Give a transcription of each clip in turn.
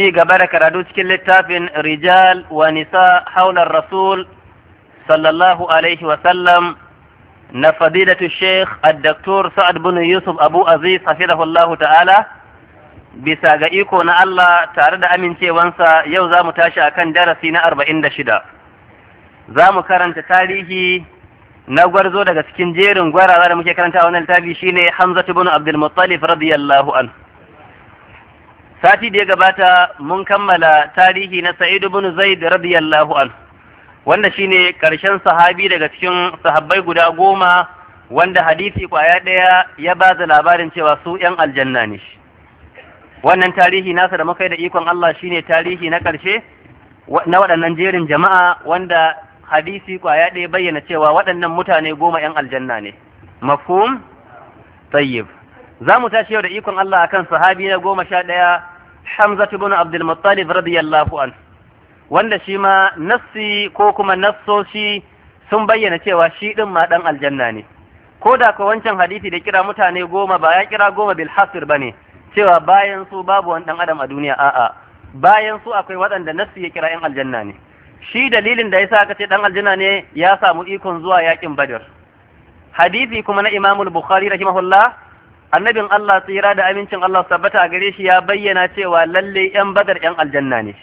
ci gaba da karatu cikin littafin rijal wa nisa haular rasul sallallahu alaihi wasallam na fadilatu sheikh addaktor sa'ad bin yusuf abu aziz hafizahullahu ta'ala bisa ga iko na Allah tare da amincewansa yau za mu tashi akan darasi na arba'in da shida za mu karanta tarihi na gwarzo daga cikin jerin gwarawa da muke karanta wannan littafi shine hamzatu bin Abdul Muttalib radiyallahu anhu sati da ya gabata mun kammala tarihi na Sa'idu ibn zaid radiyallahu anhu wanda shine karshen sahabi daga cikin sahabbai guda goma wanda hadisi kwaya ɗaya ya ba da labarin cewa su ‘yan aljanna ne wannan tarihi nasa da muka yi da ikon Allah shine tarihi na ƙarshe na waɗannan jerin jama'a wanda hadisi kwaya ɗaya bayyana cewa waɗannan mutane goma ‘yan aljanna ne mafhum tayyib za mu tashi yau da ikon Allah akan sahabi na goma sha ɗaya Hamza bin abdul muttalib radiyallahu an wanda shi ma nassi ko kuma nassoshi sun bayyana cewa shi din ma dan aljanna ne ko da ko wancan hadisi da kira mutane goma ba ya kira goma bil hasir bane cewa bayan su babu wani dan adam a duniya a'a bayan su akwai waɗanda nassi ya kira yan aljanna ne shi dalilin da yasa aka ce dan aljanna ne ya samu ikon zuwa yakin badar hadisi kuma na imamul bukhari rahimahullah annabin Allah tsira da amincin Allah tabbata a gare shi ya bayyana cewa lalle yan badar yan aljanna ne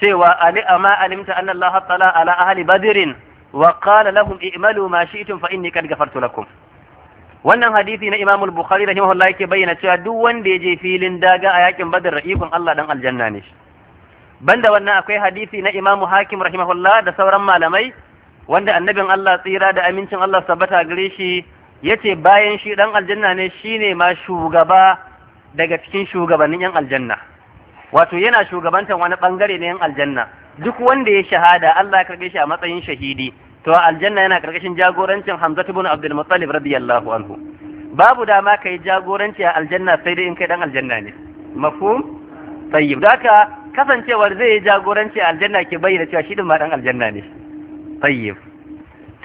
cewa ali amma alimta anna Allah ala ahli badrin wa qala lahum i'malu ma shi'tum fa inni qad ghafartu lakum wannan hadisi na Imam al-Bukhari rahimahullah yake bayyana cewa duk wanda ya je filin daga a yakin badar ra'ifin Allah dan aljanna ne banda wannan akwai hadisi na Imam Hakim rahimahullah da sauran malamai wanda annabin Allah tsira da amincin Allah tabbata gare shi yace bayan shi dan aljanna ne shine ma shugaba daga cikin shugabannin yan aljanna wato yana shugabantar wani bangare na yan aljanna duk wanda ya shahada Allah ya karbe shi a matsayin shahidi to aljanna yana karkashin jagorancin Hamza ibn Abdul Muttalib radiyallahu anhu babu dama kai jagoranci a aljanna sai dai in kai dan aljanna ne mafhum tayyib daka kasancewar zai jagoranci a aljanna ke bayyana cewa shi din ma dan aljanna ne tayyib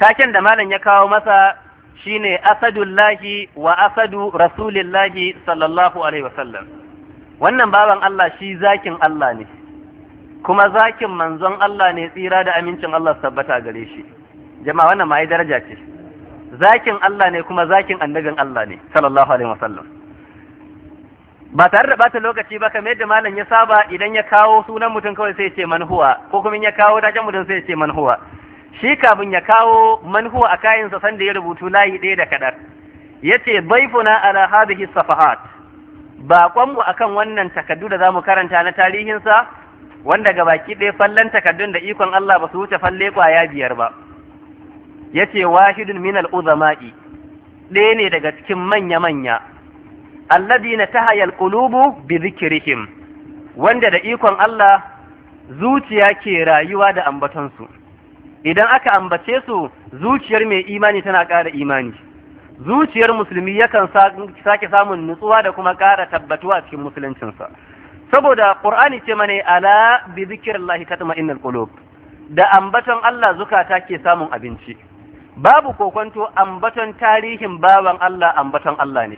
taken da malam ya kawo masa Shi ne asadullahi wa asadu rasulillahi sallallahu alaihi wasallam wannan baban Allah shi zakin Allah ne kuma zakin manzon Allah ne tsira da amincin Allah tabbata gare shi jama'a wannan ma daraja ce zakin Allah ne kuma zakin annabin Allah ne sallallahu alaihi wasallam ba tare da bata lokaci ba kamar yadda malam ya saba idan ya kawo sunan mutum kawai sai ya ce man huwa ko kuma in ya kawo taken mutum sai ya ce man huwa shi kafin ya kawo manhu a kayansa sanda ya rubutu layi ɗaya da kaɗar ya ce baifuna ala hadhihi safahat baƙonmu kan wannan takardu da za mu karanta na tarihinsa wanda ga baki ɗaya fallon takardun da ikon Allah ba su wuce falle ƙwaya biyar ba ya ce wahidun min al'uzama'i ɗaya ne daga cikin manya-manya alladina ta qulubu bi bizikirihim wanda da ikon Allah zuciya ke rayuwa da ambatonsu idan aka ambace su zuciyar mai imani tana ƙara imani zuciyar musulmi yakan sake samun nutsuwa da kuma ƙara tabbatuwa cikin musuluncinsa saboda qur'ani ce mana ala bi zikrillahi tatma'innul qulub da ambaton Allah zukata ke samun abinci babu kokonto ambaton tarihin bawan Allah ambaton Allah ne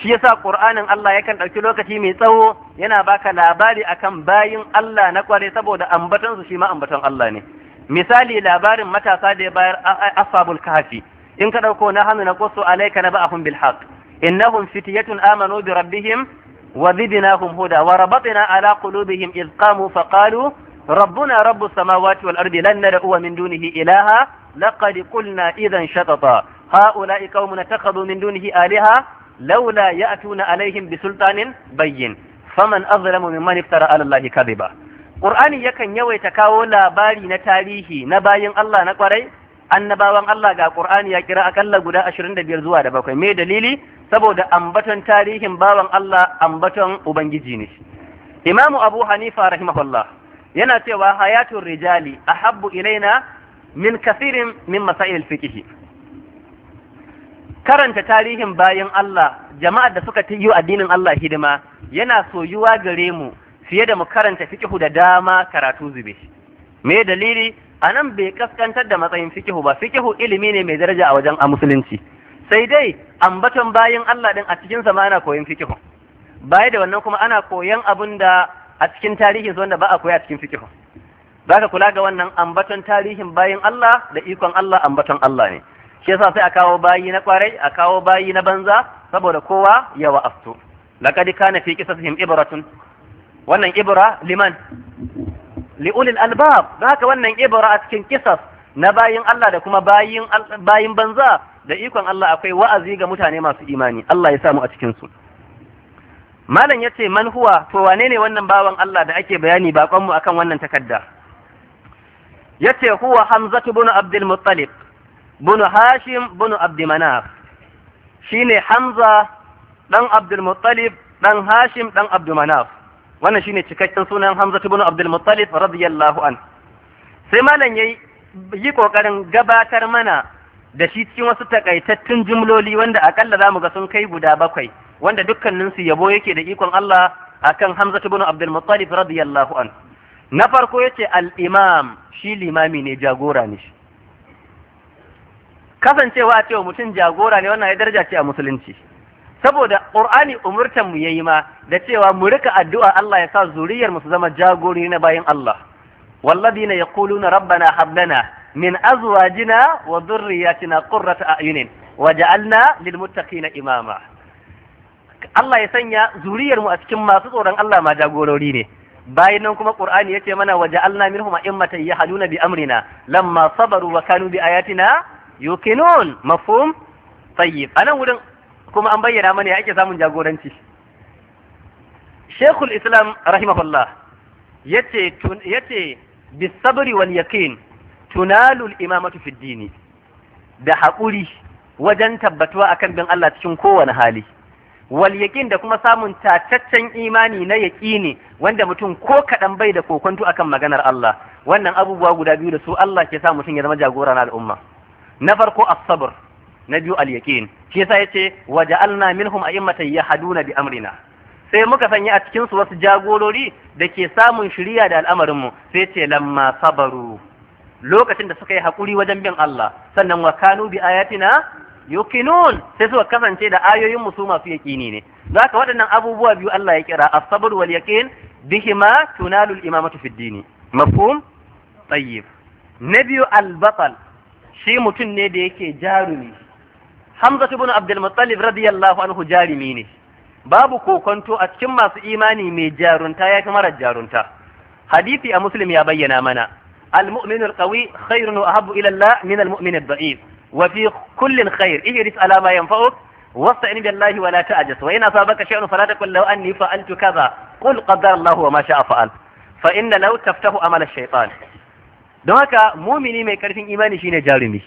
shi yasa qur'anin Allah yakan ɗauki lokaci mai tsawo yana baka labari akan bayin Allah na kware saboda ambaton su shi ma ambaton Allah ne misali labarin matasa da ya bayar ashabul kahfi in ka dauko na hannu na qasu alayka naba'ahum bil haqq innahum fityatun amanu bi rabbihim wa zidnahum huda wa rabatna ala qulubihim id qamu fa qalu rabbuna rabbus samawati wal ardi lan nad'u min dunihi ilaha laqad qulna idhan shatata هؤلاء قوم اتخذوا من دونه آلهة لولا يأتون bi بسلطان بين faman أظلم ممن افترى على الله كذبا Qur'ani yakan yawaita kawo labari na tarihi na bayin Allah na kwarai annabawan Allah ga Qur'ani ya kira akalla guda 25 zuwa da bakwai me dalili saboda ambaton tarihin bawan Allah ambaton ubangiji ne Imamu Abu Hanifa rahimahullah yana cewa hayatul rijali ahabbu ilaina min kathirin min masail fiqh karanta tarihin bayin Allah jama'ar da suka yi addinin Allah hidima yana soyuwa gare mu fiye da mu karanta fikihu da dama karatu zube me dalili a nan bai kaskantar da matsayin fikihu ba fikihu ilimi ne mai daraja a wajen a musulunci sai dai ambaton bayan Allah din a cikin sa ana koyon fikihu baya da wannan kuma ana koyon abin da a cikin tarihin su wanda ba a koya a cikin fikihu zaka kula ga wannan ambaton tarihin bayan Allah da ikon Allah ambaton Allah ne shi yasa sai a kawo bayi na kwarai a kawo bayi na banza saboda kowa ya wa'aftu laqad kana fi qisasihim ibratun wannan ibra liman li'ulil albab da haka wannan ibra a cikin kisas na bayin Allah da kuma bayin bayin banza da ikon Allah akwai wa'azi ga mutane masu imani Allah ya samu a cikin su malam yace man huwa to wane ne wannan bawan Allah da ake bayani bakon mu akan wannan takarda yace huwa hamzatu ibn abdul muttalib ibn hashim ibn abd manaf shine hamza dan abdul muttalib dan hashim dan abd manaf wannan shine cikakken sunan Hamza ibn Abdul Muttalib radiyallahu an sai malam yayi yi kokarin gabatar mana da shi cikin wasu takaitattun jumloli wanda akalla zamu ga sun kai guda bakwai wanda dukkanin su yabo yake da ikon Allah akan Hamza ibn Abdul Muttalib radiyallahu an na farko yace al-imam shi limami ne jagora ne shi kasancewa a cewa mutum jagora ne wannan ya daraja ce a musulunci saboda ƙur'ani umurtan mu yayi ma da cewa mu rika addu'a Allah ya sa zuriyar mu su zama jagori na bayan Allah walladina yaquluna rabbana hab lana min azwajina wa dhurriyyatina qurrata a'yunin waj'alna na imama Allah ya sanya zuriyar mu a cikin masu tsoron Allah ma jagorori ne bayan nan kuma Qur'ani yace mana waja'alna minhum a'immatan yahduna bi amrina lamma sabaru wa kanu bi ayatina yuqinun mafhum tayyib anan wurin kuma an bayyana mana ya ake samun jagoranci shekul islam rahimahullah yace ce, bisabri wal yakin tunalul imamatu fid dini da haƙuri wajen tabbatuwa akan bin Allah cikin kowane hali wal da kuma samun tataccen imani na yaƙini wanda mutum ko kaɗan bai da kokonto akan maganar Allah wannan abubuwa guda biyu da su Allah ke sa mutum ya zama jagora na al'umma na farko as-sabr na biyu al-yaqin shi yasa yace waja'alna minhum a'immatan yahduna bi amrina sai muka sanya a cikin su wasu jagorori da ke samun shiriya da al'amarin mu sai ce lamma sabaru lokacin da suka yi hakuri wajen bin Allah sannan wa kanu bi ayatina yuqinun sai suka kasance da ayoyin mu su masu yaqini ne zaka waɗannan abubuwa biyu Allah ya kira as-sabr wal yaqin bihima tunalu al-imamatu fi ad-din mafhum tayyib nabiyu biyu al-batal shi mutum ne da yake jarumi Hamza ibn Abdul Muttalib radiyallahu anhu jarimi ne babu kokonto a cikin masu imani mai jarunta ya fi marar jarunta hadisi a muslim ya bayyana mana al-mu'min qawi khairun wa ahabbu ila Allah min al-mu'min ad-da'if wa fi kullin khair ihris ala ma yanfa'uk wasta'in billahi wa la ta'jas wa yana sabaka shay'un fala taqul law anni fa'altu kaza qul qaddara Allah wa ma sha'a fa'al fa inna law taftahu amal ash-shaytan don haka mumini mai karfin imani shine jarumi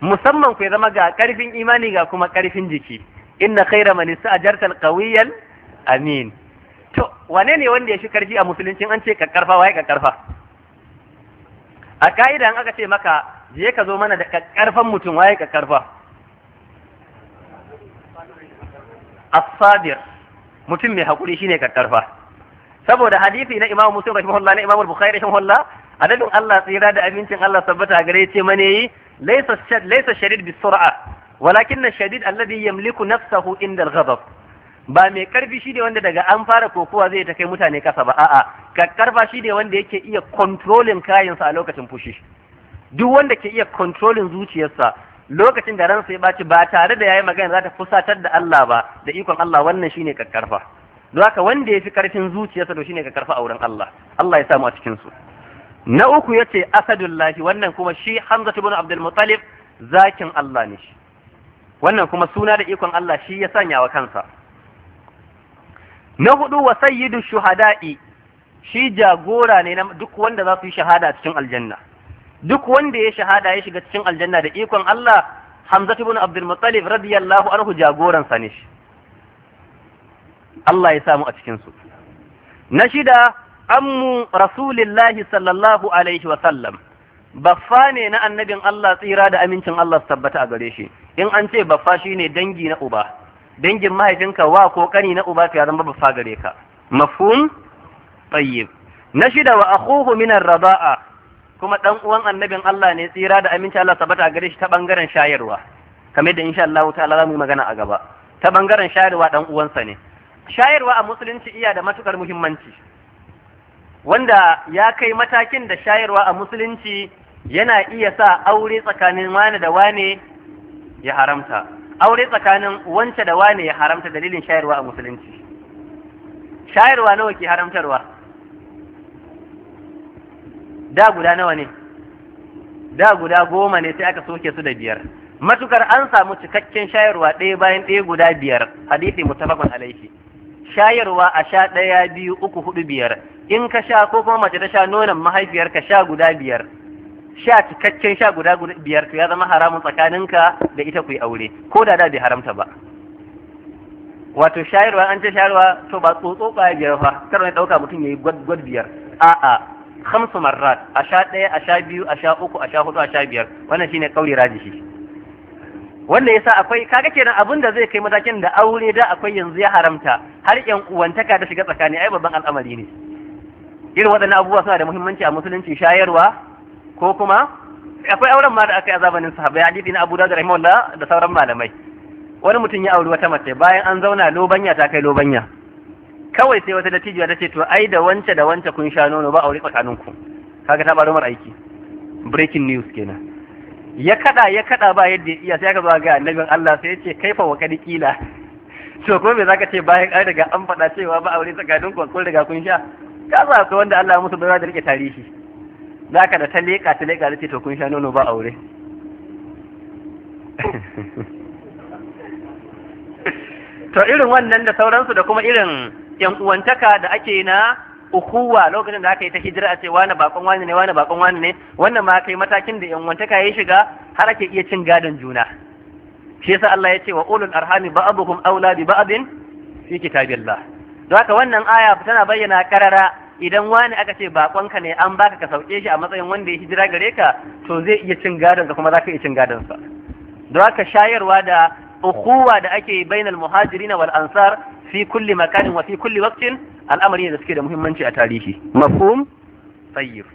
musamman ku zama ga karfin imani ga kuma karfin jiki inna khaira man ista'jarta alqawiyyan amin to wane ne wanda ya shi karfi a musuluncin an ce ka wai waye karfa a ka'ida an aka ce maka je ka zo mana da karfan mutum waye karfa as-sabir mutum mai hakuri shine ka karfa saboda hadisi na imamu Muslim rahimahullah na Imam Bukhari rahimahullah adadin Allah tsira da amincin Allah sabbata gare ce mane yi ليس الشد ليس شديد بالسرعه walakin الشديد الذي yamliku نفسه inda الغضب ba mai karfi shi ne wanda daga an fara kokowa zai ta kai mutane kasa ba a'a ka karfa shi ne wanda yake iya kontrolin kayansa a lokacin fushi duk wanda ke iya kontrolin zuciyarsa lokacin da ransa ya baci ba tare da yayi magana za ta fusatar da Allah ba da ikon Allah wannan shine kakkarfa don haka wanda ya fi karfin zuciyarsa to shine kakkarfa a wurin Allah Allah ya samu a cikin su na uku yace asadullahi wannan kuma shi hamza ibn abdul muttalib zakin Allah ne shi wannan kuma suna da ikon Allah shi ya sanya wa kansa na hudu wa sayyidu shuhada'i shi jagora ne na duk wanda za su yi shahada cikin aljanna duk wanda ya shahada ya shiga cikin aljanna da ikon Allah Hamza ibn Abdul Muttalib radiyallahu anhu jagoran sa ne shi Allah ya samu a cikin su na shida ammu rasulillahi sallallahu alaihi wa sallam baffa ne na annabin Allah tsira da amincin Allah tabbata a gare shi in an ce baffa shine dangi na uba dangin mahaifinka wa ko kani na uba ya zama baffa gare ka mafhum tayyib na shida wa akhuhu min ar-raba'a kuma dan uwan annabin Allah ne tsira da amincin Allah tabbata a gare shi ta bangaren shayarwa kamar da insha Allah ta'ala za yi magana a gaba ta bangaren shayarwa dan uwansa ne shayarwa a musulunci iya da matukar muhimmanci wanda ya kai matakin da shayarwa a musulunci yana iya sa aure tsakanin wane da wane ya haramta aure tsakanin wance da wane ya haramta dalilin shayarwa a musulunci shayarwa nawa ke haramtarwa da guda nawa ne da guda goma ne sai aka soke su da biyar matukar an samu cikakken shayarwa ɗaya bayan ɗaya guda biyar hadisi mutafakun alaihi shayarwa a sha ɗaya biyu uku hudu biyar in ka sha ko kuma mace ta sha nonon mahaifiyar ka sha guda biyar sha cikakken sha guda biyar to ya zama haramun tsakaninka da ita ku yi aure ko da da bai haramta ba wato shayarwa an ce shayarwa to ba tsotso ya biyar fa kar ne ɗauka mutum ya yi gwad biyar a'a hamsu marrat a sha ɗaya a sha biyu a sha uku a sha hudu a sha biyar wannan shine kauri rajishi wanda yasa akwai kaga kenan abin da zai kai matakin da aure da akwai yanzu ya haramta har yan uwantaka da shiga tsakani ai babban al'amari ne irin waɗannan abubuwa suna da muhimmanci a musulunci shayarwa ko kuma akwai auren ma da aka yi sahaba. sahaba ya hadisi na Abu Dawud rahimahullah da sauran malamai wani mutum ya auri wata mace bayan an zauna lobanya ta kai lobanya kawai sai wata dattijuwa ta ce to ai da wance da wance kun sha nono ba aure tsakaninku kaga ta baro mar aiki breaking news kenan ya kada ya kada ba yadda iya sai ka zo ga annabin Allah sai ya ce kaifa wa kadi kila to ko me zaka ce bayan an riga an faɗa cewa ba aure tsakanin ku kun riga kun sha ka za ka wanda Allah ya musu bai da rike tarihi zaka da ta leka ta leka ce to kun sha nono ba aure to irin wannan da sauransu da kuma irin yan uwantaka da ake na ukuwa lokacin da aka yi ta hijira a ce wani bakon wani ne wani bakon wani ne wannan ma kai matakin da yan wanta kai shiga har ake iya cin gadon juna shi yasa Allah ya ce wa ulul arhami ba'abukum aula bi ba'din fi kitabillah don haka wannan aya tana bayyana karara idan wani aka ce bakon ka ne an baka ka sauke shi a matsayin wanda ya hijira gare ka to zai iya cin gadon ka kuma za ka iya cin gadon sa don haka shayarwa da ukuwa da ake bainal muhajirina wal ansar fi kulli makanin wa fi kulli waqtin al'amari da suke da muhimmanci a tarihi mafhum tayyib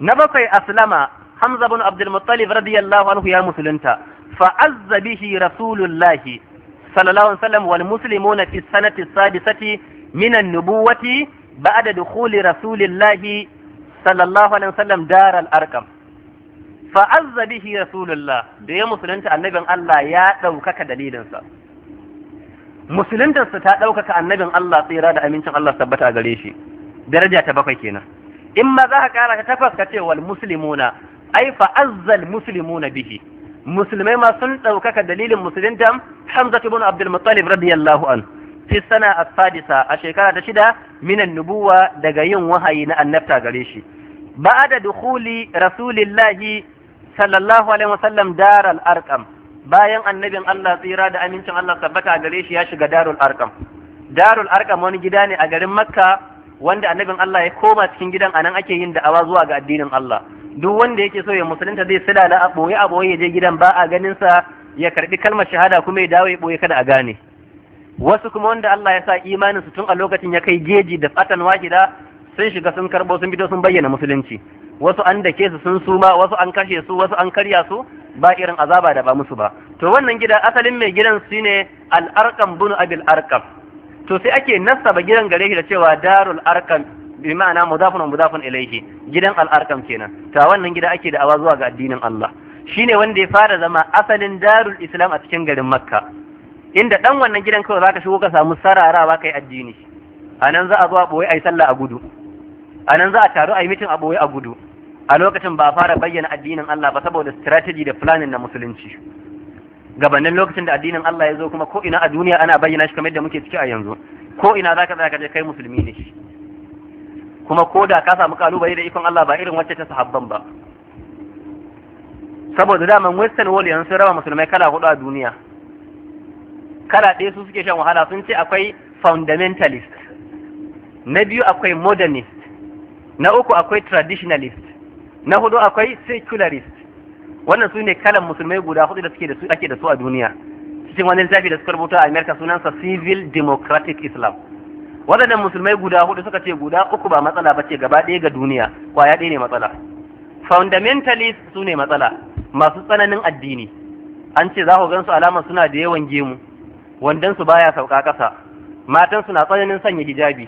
na bakwai aslama hamza bin abdul muttalib radiyallahu anhu ya musulunta fa azza bihi rasulullah sallallahu alaihi wasallam wal muslimuna fi sanati sadisati min an-nubuwati ba'da dukhuli rasulillah sallallahu alaihi wasallam dar al-arqam fa azza bihi rasulullah da ya musulunta annabin Allah ya ɗaukaka dalilinsa musuluntarsa ta ɗaukaka annabin Allah tsira da amincin Allah tabbata a gare shi daraja ta bakwai kenan in ma za ka kara ta takwas ka ce wal muslimuna ai fa azzal muslimuna bihi musulmai ma sun ɗaukaka dalilin musulunta Hamza ibn Abdul Muttalib radiyallahu an fi sana as-sadisa a shekara ta shida minan nubuwa daga yin wahayi na annabta gare shi ba'da dukhuli rasulillahi sallallahu alaihi wasallam daral arqam bayan annabin Allah tsira da amincin Allah tabbata gare shi ya shiga darul arkam darul arkam wani gida ne a garin makka wanda annabin Allah ya koma cikin gidan anan ake yin da'awa zuwa ga addinin Allah duk wanda yake so ya musulunta zai silala a boye a ya je gidan ba a ganin sa ya karbi kalmar shahada kuma ya dawo ya boye kada a gane wasu kuma wanda Allah ya sa imanin su tun a lokacin ya kai geji da fatan wahida sun shiga sun karbo sun fito sun bayyana musulunci wasu an dake su sun suma wasu an kashe su wasu an karya su ba irin azaba da ba musu ba to wannan gida asalin mai gidan su ne al-arqam bin abil arqam to sai ake nasaba gidan gare shi da cewa darul arqam bi ma'ana mudafun mudafun ilayhi gidan al-arqam kenan ta wannan gida ake da awa zuwa ga addinin Allah shine wanda ya fara zama asalin darul islam a cikin garin makka inda dan wannan gidan kawai zaka shigo ka samu sararawa kai addini anan za a zo a boye ai sallah a gudu anan za a taru ai mitin a boye a gudu a lokacin ba fara bayyana addinin Allah ba saboda strategy da planning na musulunci gabanin lokacin da addinin Allah ya zo kuma ko ina a duniya ana bayyana shi kamar da muke ciki a yanzu ko ina zaka zaka je kai musulmi ne kuma ko da ka samu kalubale da ikon Allah ba irin wacce ta sahabban ba saboda da man western world yanzu sun raba musulmai kala hudu a duniya kala ɗaya su suke shan wahala sun ce akwai fundamentalist na biyu akwai modernist na uku akwai traditionalist na hudu akwai secularist wannan su ne kalan musulmai guda hudu da suke da su ake da su a duniya cikin wani littafi da suka rubuta a America sunansa Civil Democratic Islam waɗannan musulmai guda hudu suka ce guda uku ba matsala ba ce gaba ɗaya ga duniya kwaya ɗaya ne matsala fundamentalist su ne matsala masu tsananin addini an ce za ku gan su alamar suna da yawan gemu wandansu baya sauka kasa matansu na tsananin sanya hijabi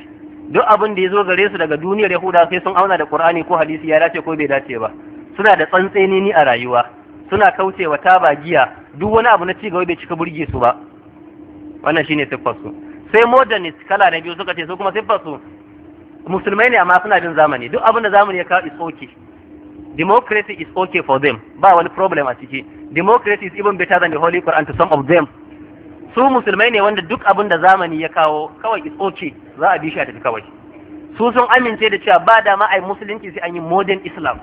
duk abin da ya zo gare su daga duniyar yahuda sai sun auna da qur'ani ko hadisi ya dace ko bai dace ba suna da tsantseni ni a rayuwa suna kaucewa taba giya duk wani abu na cigaba bai cika burge su ba wannan shine siffar su sai modernist kala na biyu suka ce su kuma siffar su musulmai ne amma suna bin zamani duk abin da zamani ya kawo is okay democracy is okay for them ba wani problem a ciki democracy is even better than the holy quran to some of them su musulmai ne wanda duk abin da zamani ya kawo kawai is okay za a bi shi a tafi kawai su sun amince da cewa ba dama a yi musulunci sai an yi modern islam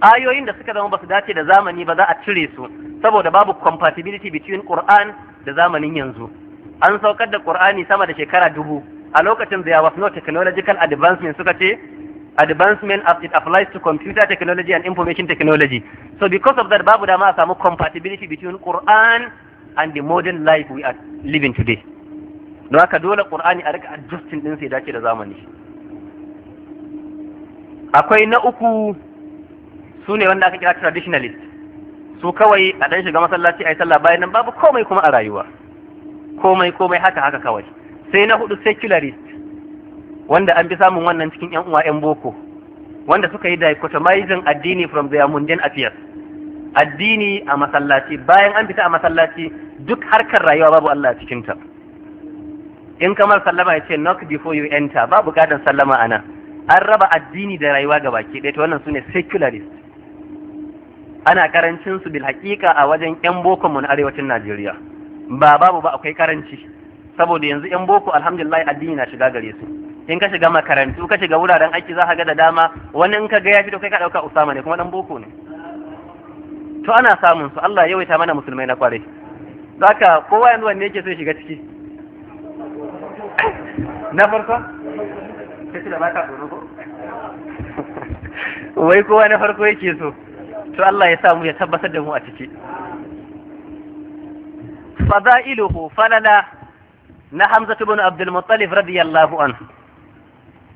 ayoyin da suka zama ba su dace da zamani ba za a cire su saboda babu compatibility between Qur'an da zamanin yanzu an saukar da Qur'ani sama da shekara dubu a lokacin da was no technological advancement suka ce advancement as it applies to computer technology and information technology so because of that babu dama a samu compatibility between Qur'an and the modern life we are living today don haka dole qur'ani a rika adjusting din sai dace da zamani akwai na uku su ne wanda aka kira traditionalist su kawai a dan shiga masallaci a sallah bayan nan babu komai kuma a rayuwa komai komai haka haka kawai sai na hudu secularist wanda an bi samun wannan cikin yan uwa yan boko wanda suka yi dichotomizing addini from their mundane affairs addini a masallaci bayan an fita a masallaci duk harkar rayuwa babu Allah a cikinta in kamar sallama ya ce knock before you enter ba bukatar sallama ana an raba addini da rayuwa ga baki ɗaya to wannan sune secularist ana karancin bil haƙiƙa a wajen yan boko mu na arewacin Najeriya ba babu ba akwai karanci saboda yanzu yan boko alhamdulillah addini na shiga gare su in ka shiga makarantu ka shiga wuraren aiki za ka ga da dama wani in ka ga ya fito kai ka ɗauka Usama ne kuma ɗan boko ne to ana samun su Allah yawaita mana musulmai na kwarai zaka kowa yanzu wanne yake so shiga ciki na farko kace da baka tsoro wai kowa na farko yake so to Allah ya samu ya tabbatar da mu a ciki fada'iluhu falala na Hamza ibn Abdul Muttalib radiyallahu anhu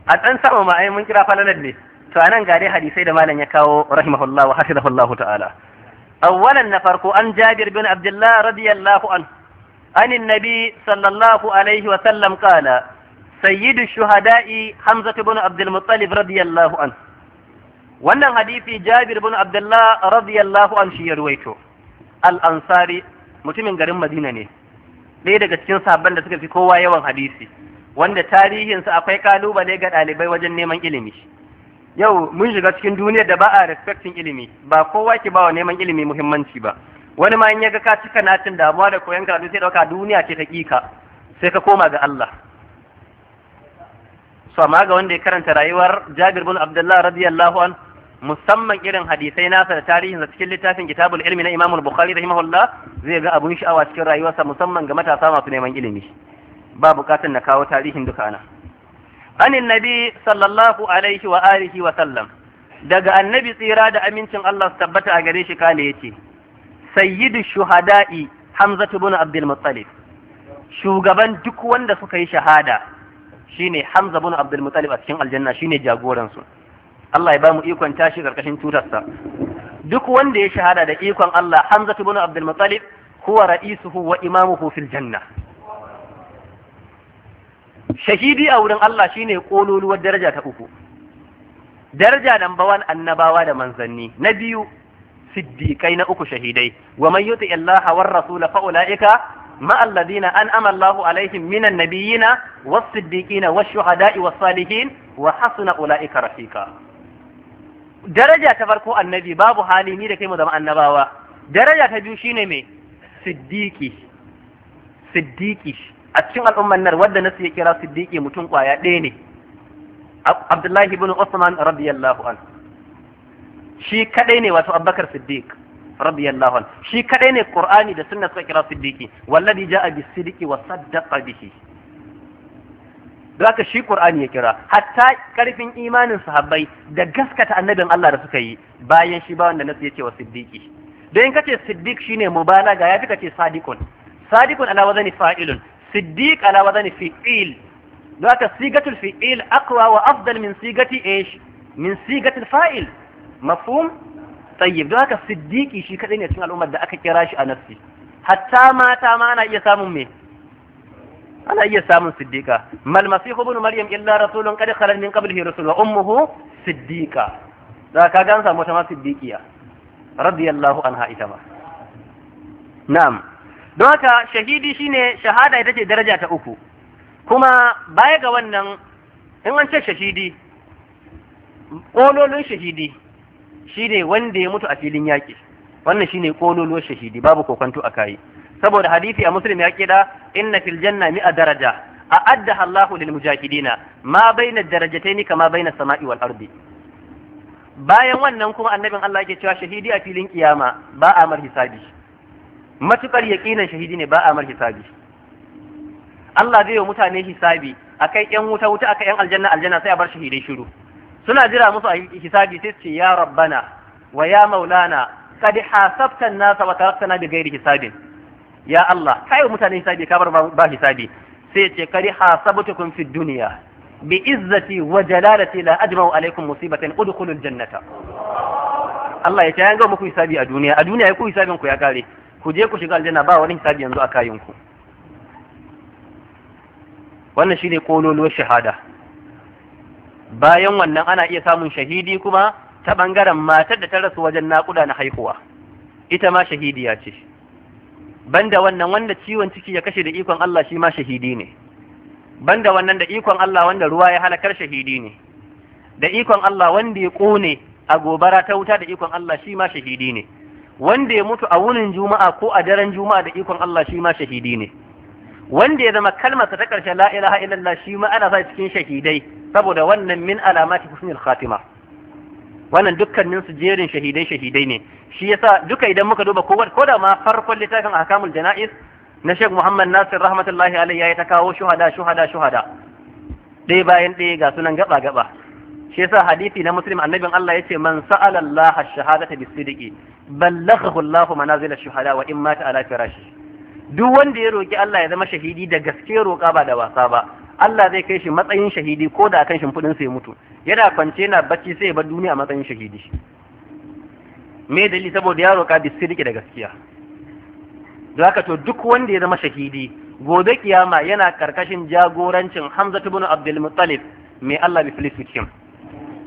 a dan sama ma ai mun kira falalar ne to anan ga dai hadisai da malam ya kawo rahimahullah wa hafizahullahu ta'ala أولا نفرق أن جابر بن عبد الله رضي الله عنه عن النبي صلى الله عليه وسلم قال سيد الشهداء حمزة بن عبد المطلب رضي الله عنه wannan hadisi Jabir bin Abdullah radiyallahu an shi ya ruwaito al-Ansari mutumin garin Madina ne ɗaya daga cikin sabon da suka fi kowa yawan hadisi wanda tarihinsa akwai ƙalubale ga ɗalibai wajen neman ilimi yau mun shiga cikin duniyar da ba a respecting ilimi ba kowa ke ba wa neman ilimi muhimmanci ba wani ma in ya ga ka cika cin damuwa da koyon karatu sai dauka duniya ce ta kika sai ka koma ga Allah so amma ga wanda ya karanta rayuwar Jabir bin Abdullah radiyallahu an musamman irin hadisai nasa da tarihinsa cikin littafin Kitabul Ilmi na Imam Bukhari rahimahullah zai ga abun sha'awa cikin rayuwarsa musamman ga matasa masu neman ilimi ba bukatun na kawo tarihin duka ana. an nabi sallallahu alaihi wa alihi wa sallam daga annabi tsira da amincin Allah su tabbata a gare shi kane yace sayyidu shuhada'i hamza ibn abdul muttalib shugaban duk wanda suka yi shahada shine hamza ibn abdul muttalib a cikin aljanna shine jagoran su Allah ya ba mu ikon tashi karkashin tutarsa duk wanda ya shahada da ikon Allah hamza ibn abdul muttalib huwa ra'isuhu wa imamuhu fil janna shahidi a wurin Allah shine kololuwar daraja ta uku daraja number one annabawa da manzanni na biyu siddiqai na uku shahidai wa man yuti Allah war rasul fa ulaika ma alladhina an'ama Allah alaihim minan nabiyyina was siddiqina wash shuhada'i was salihin wa hasuna ulaika rafiqa daraja ta farko annabi babu hali ni da kai mu zama annabawa daraja ta biyu shine me siddiqi siddiqi a cikin al'umman nar wadda nasu ya kira siddiqi mutum kwaya ɗaya ne abdullahi ibn usman radiyallahu an shi kadai ne wato abubakar siddiq radiyallahu an shi kadai ne qur'ani da sunna suka kira siddiqi wallazi ja'a bis-sidqi wa saddaqa bihi zaka shi qur'ani ya kira hatta karfin imanin sahabbai da gaskata annabin Allah da suka yi bayan shi ba wanda nasu yake wa siddiqi dan in kace siddiq shine mubalaga ya fi kace sadiqun sadiqun ala wazani fa'ilun siddiq ala wazani fi'il don haka sigatul fi'il aqwa wa afdal min sigati ish min sigatul fa'il mafhum tayyib don haka siddiqi shi kadai ne cikin al'ummar da aka kira shi a nafsi hatta mata ma ana iya samun me ana iya samun siddiqa mal masih ibn maryam illa rasulun qad khalal min qablihi rusul wa ummuhu siddiqa da ka ga an samu ta ma siddiqiya radiyallahu anha ita ma na'am don haka shahidi shine shahada ita ce daraja ta uku kuma baya ga wannan in an ce shahidi ƙololin shahidi shine wanda ya mutu a filin yaƙi wannan shine ƙololin shahidi babu kokonto a kayi saboda hadisi a muslim ya kida inna fil janna mi'a daraja a adda Allahu lil mujahidina ma baina darajataini kama baina sama'i wal ardi bayan wannan kuma annabin Allah yake cewa shahidi a filin kiyama ba a mar hisabi Matuƙar yaƙinan shahidi ne ba a mar hisabi Allah zai yi mutane hisabi akai yan wuta wuta akai yan aljanna aljanna sai a bar shahidai shiru suna jira musu a hisabi sai ce ya rabbana wa ya maulana qad hasabta an-nasa wa taraktana bi ghairi hisabin ya Allah kai mutane hisabi ka bar ba hisabi sai ce qad hasabtukum fi dunya bi izzati wa jalalati la ajma'u alaykum musibatan udkhulul jannata Allah ya ce an ga muku hisabi a duniya a duniya ya ku hisabin ku ya kare ku je ku shiga aljanna ba wani hisabi yanzu a ku wannan shine kololo shahada bayan wannan ana iya samun shahidi kuma ta bangaren matar da ta rasu wajen nakuda na haihuwa ita ma shahidiya ce banda wannan wanda ciwon ciki ya kashe da ikon Allah shi ma shahidi ne banda wannan da ikon Allah wanda ruwa ya halakar shahidi ne da ikon Allah wanda ya ƙone a gobara ta wuta da ikon Allah shi ma shahidi ne wanda ya mutu a wunin juma'a ko a daren juma'a da ikon Allah shi ma shahidi ne wanda ya zama kalmarsa ta ƙarshe la ilaha illallah shi ma ana sa cikin shahidai saboda wannan min alamati husnul khatima wannan dukkanin su jerin shahidai shahidai ne shi yasa duka idan muka duba ko ko da ma farkon littafin ahkamul jana'is na Sheikh Muhammad Nasir rahmatullahi alayhi ya ta kawo shuhada shuhada shuhada ɗaya bayan ɗaya ga sunan gaba gaba shi yasa hadisi na muslim annabin Allah yace man sa'ala Allah ash-shahadata bis-sidqi ballaghahu Allah manazil ash-shuhada wa in mata ala firashi duk wanda ya roki Allah ya zama shahidi da gaske roka ba da wasa ba Allah zai kai shi matsayin shahidi ko da kan shimfidin sai mutu yana kwance na bacci sai ya bar duniya matsayin shahidi me dalili saboda ya roka bis-sidqi da gaskiya don haka to duk wanda ya zama shahidi gobe kiyama yana karkashin jagorancin Hamza ibn Abdul Muttalib mai Allah bi cikin.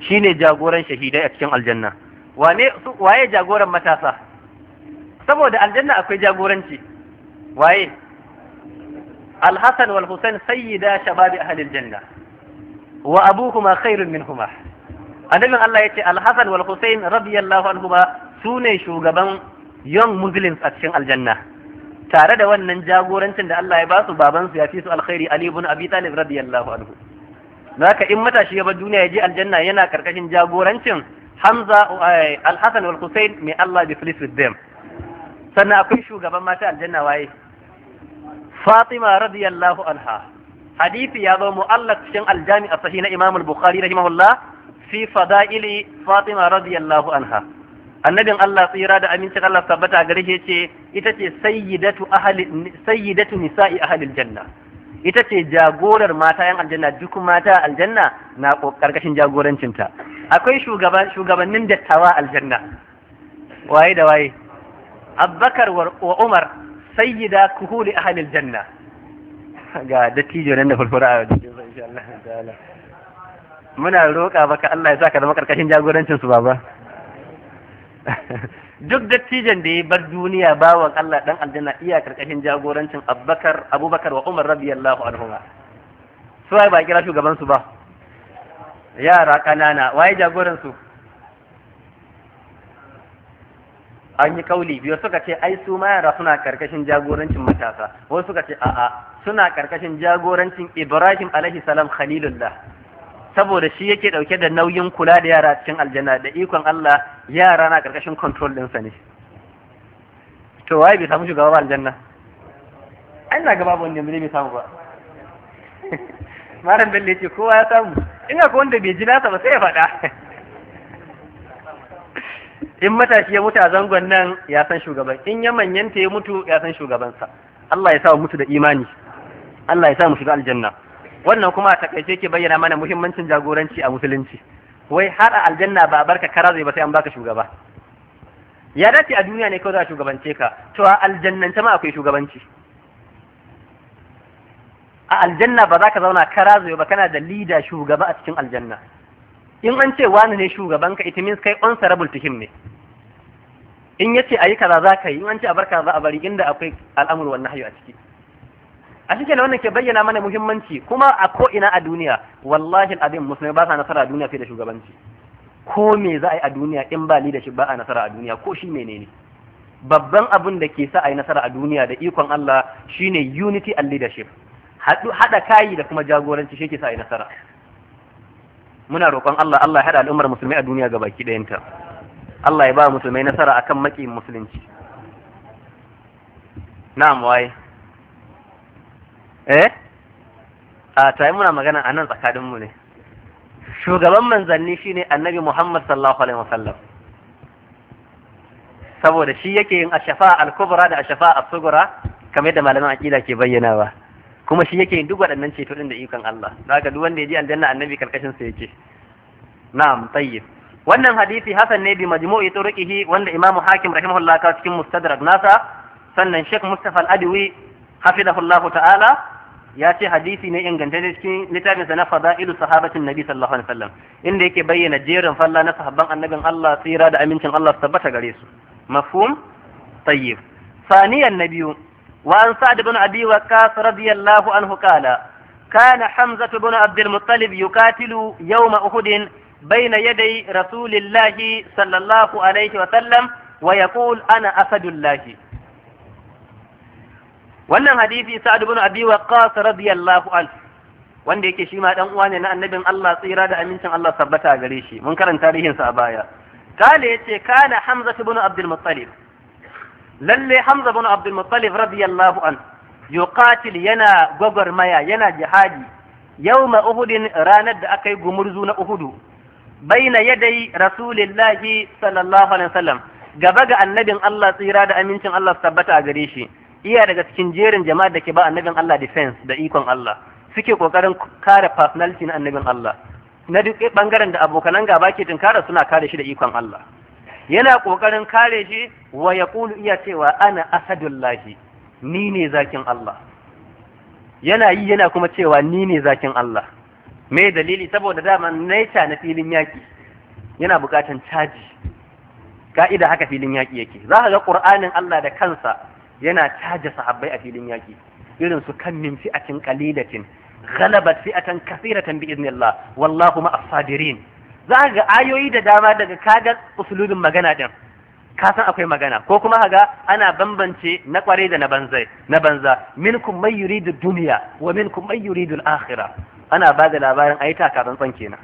shine jagoran shahidai a cikin aljanna wane waye jagoran matasa saboda aljanna akwai jagoranci waye الحسن والحسين سيدا شباب أهل الجنة وأبوهما خير منهما annabin Allah ya ce Alhassan wal Hussein radiyallahu anhuma sune shugaban young Muslims a cikin aljanna tare da wannan jagorancin da Allah ya ba su baban su ya fi su alkhairi Ali ibn Abi Talib radiyallahu anhu na ka in matashi ya bar duniya ya je aljanna yana karkashin jagorancin Hamza eh, Al-Hasan wal Hussein may Allah be pleased with them sannan akwai shugaban mata aljanna waye Fatima radiyallahu anha hadisi ya zo mu'allaq cikin aljami a sahih na Imam al-Bukhari rahimahullah fi fada'ili Fatima radiyallahu anha annabin Allah tsira da amincin Allah tabbata gare shi yace ita ce sayyidatu ahli sayyidatu nisa'i ahli janna. ita ce jagorar mata yan aljanna duk mata aljanna na karkashin jagorancinta akwai shugabannin dattawa aljanna waye da waye abbakar wa umar sayyida kuhuli ahli aljanna ga dattijo nan da farfara a wajen insha Allah ta'ala muna roƙa baka Allah ya saka zama karkashin jagorancin su baba duk dattijan da ya bar duniya bawan Allah dan aljanna iya karkashin jagorancin Abubakar Abubakar wa Umar radiyallahu anhuma su ba kira shugaban su ba yara kanana waye jagoran su an yi kauli biyu suka ce ai su ma yara suna karkashin jagorancin matasa wasu suka ce a'a suna karkashin jagorancin Ibrahim alaihi salam khalilullah saboda shi yake dauke da nauyin kula da yara cikin aljanna da ikon Allah yara na ƙarƙashin control ɗinsa ne to waye bai samu shugaba ba aljanna an na gaba ba wanda bai samu ba malam bello ya ce kowa ya samu in akwai wanda bai ji nasa ba sai ya faɗa in matashi ya mutu a zangon nan ya san shugaban in ya manyanta ya mutu ya san shugabansa Allah ya sa mu mutu da imani Allah ya sa mu shiga aljanna wannan kuma a takaice ke bayyana mana muhimmancin jagoranci a musulunci wai har a aljanna ba a barka kara zai ba sai an baka shugaba ya dace a duniya ne kawai za a shugabance ka to a ta ma akwai shugabanci a aljanna ba za ka zauna kara zai ba kana da lida shugaba a cikin aljanna in an ce wani ne ka ita means kai on sarabul him ne in yace ayi kaza za ka yi in an ce a barka za a bari inda akwai al'amur wannan hayo a ciki a cikin wannan ke bayyana mana muhimmanci kuma a ko ina a duniya wallahi azim musulmai ba sa nasara a duniya fiye da shugabanci ko me za a yi a duniya in ba leadership ba a nasara a duniya ko shi menene babban abin da ke sa a yi nasara a duniya da ikon Allah shine unity and leadership hada kayi da kuma jagoranci shi ke sa a yi nasara muna roƙon Allah Allah ya hada al'ummar musulmai a duniya ga baki ɗayanta Allah ya ba musulmai nasara akan maƙin musulunci na'am waye eh a tayi muna magana a nan mu ne shugaban manzanni shine annabi Muhammad sallallahu alaihi wasallam saboda shi yake yin ashafa al-kubra da ashafa as-sughra kamar yadda malaman aqida ke bayyana ba kuma shi yake yin duk waɗannan ceto din da ikon Allah zaka duk wanda ya ji aljanna annabi karkashin sa yake na'am tayyib wannan hadisi hasan ne bi majmu'i turqihi wanda imamu hakim rahimahullah ka cikin mustadrak nasa sannan sheikh mustafa al-adwi hafidahullahu ta'ala ya ce hadisi ne ingantacce cikin littafin sa na fada'ilu sahabatin nabi sallallahu alaihi wasallam inda yake bayyana jerin falla na sahabban annabin Allah tsira da amincin Allah tabbata gare su mafhum tayyib saniyan nabiyu wa an sa'd ibn abi waqas radiyallahu anhu qala kana hamza ibn abd al-muttalib yuqatilu yawma uhud bayna yaday rasulillahi sallallahu alaihi wasallam wa yaqul ana asadullahi wannan hadisi sa'ad ibn abi waqqas radiyallahu anhu wanda yake shi ma dan uwa ne na annabin Allah tsira da amincin Allah sabbata gare shi mun karanta tarihin sa a baya kale yace kana hamza ibn abdul muttalib lalle hamza ibn abdul muttalib radiyallahu an yuqatil yana gwagwarmaya yana jihadi yawma uhudin ranar da aka yi gumurzu na uhudu baina yadai rasulillahi sallallahu alaihi wasallam gaba ga annabin Allah tsira da amincin Allah sabbata gare shi iya daga cikin jerin jama'a da ke ba annabin Allah defense da ikon Allah suke kokarin kare personality na annabin Allah na duk bangaren da abokanan gaba ke tunkara suna kare shi da ikon Allah yana kokarin kare shi wa yaqulu iya cewa ana asadullahi ni ne zakin Allah yana yi yana kuma cewa ni ne zakin Allah me dalili saboda dama naita na filin yaki yana bukatan caji ka'ida haka filin yaki yake za ka ga qur'anin Allah da kansa yana caja sahabbai a filin yaki irin su kan min fi'atin qalilatin ghalabat fi'atan kathiratan bi idnillah wallahu ma as-sabirin za ga ayoyi da dama daga kaga usulubin magana din ka san akwai magana ko kuma haga ana bambance na kware da na banzai na banza minkum may yuridu dunya wa minkum may yuridu al-akhirah ana bada labarin ayi taka tsantsan kenan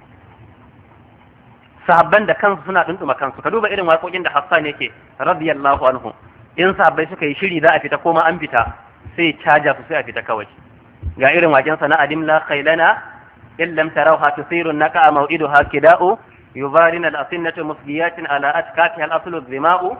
sahabban da kansu suna tuntuma kansu ka duba irin waƙoƙin da Hassan yake radiyallahu anhu in sahabbai suka yi shiri za a fita koma an fita sai caja su sai a fita kawai ga irin waken sana adim la khailana in lam tarawha tusirun naqa maw'iduha kida'u yuvarin al-asinnatu musbiyatin ala atqatiha al-aslu dhima'u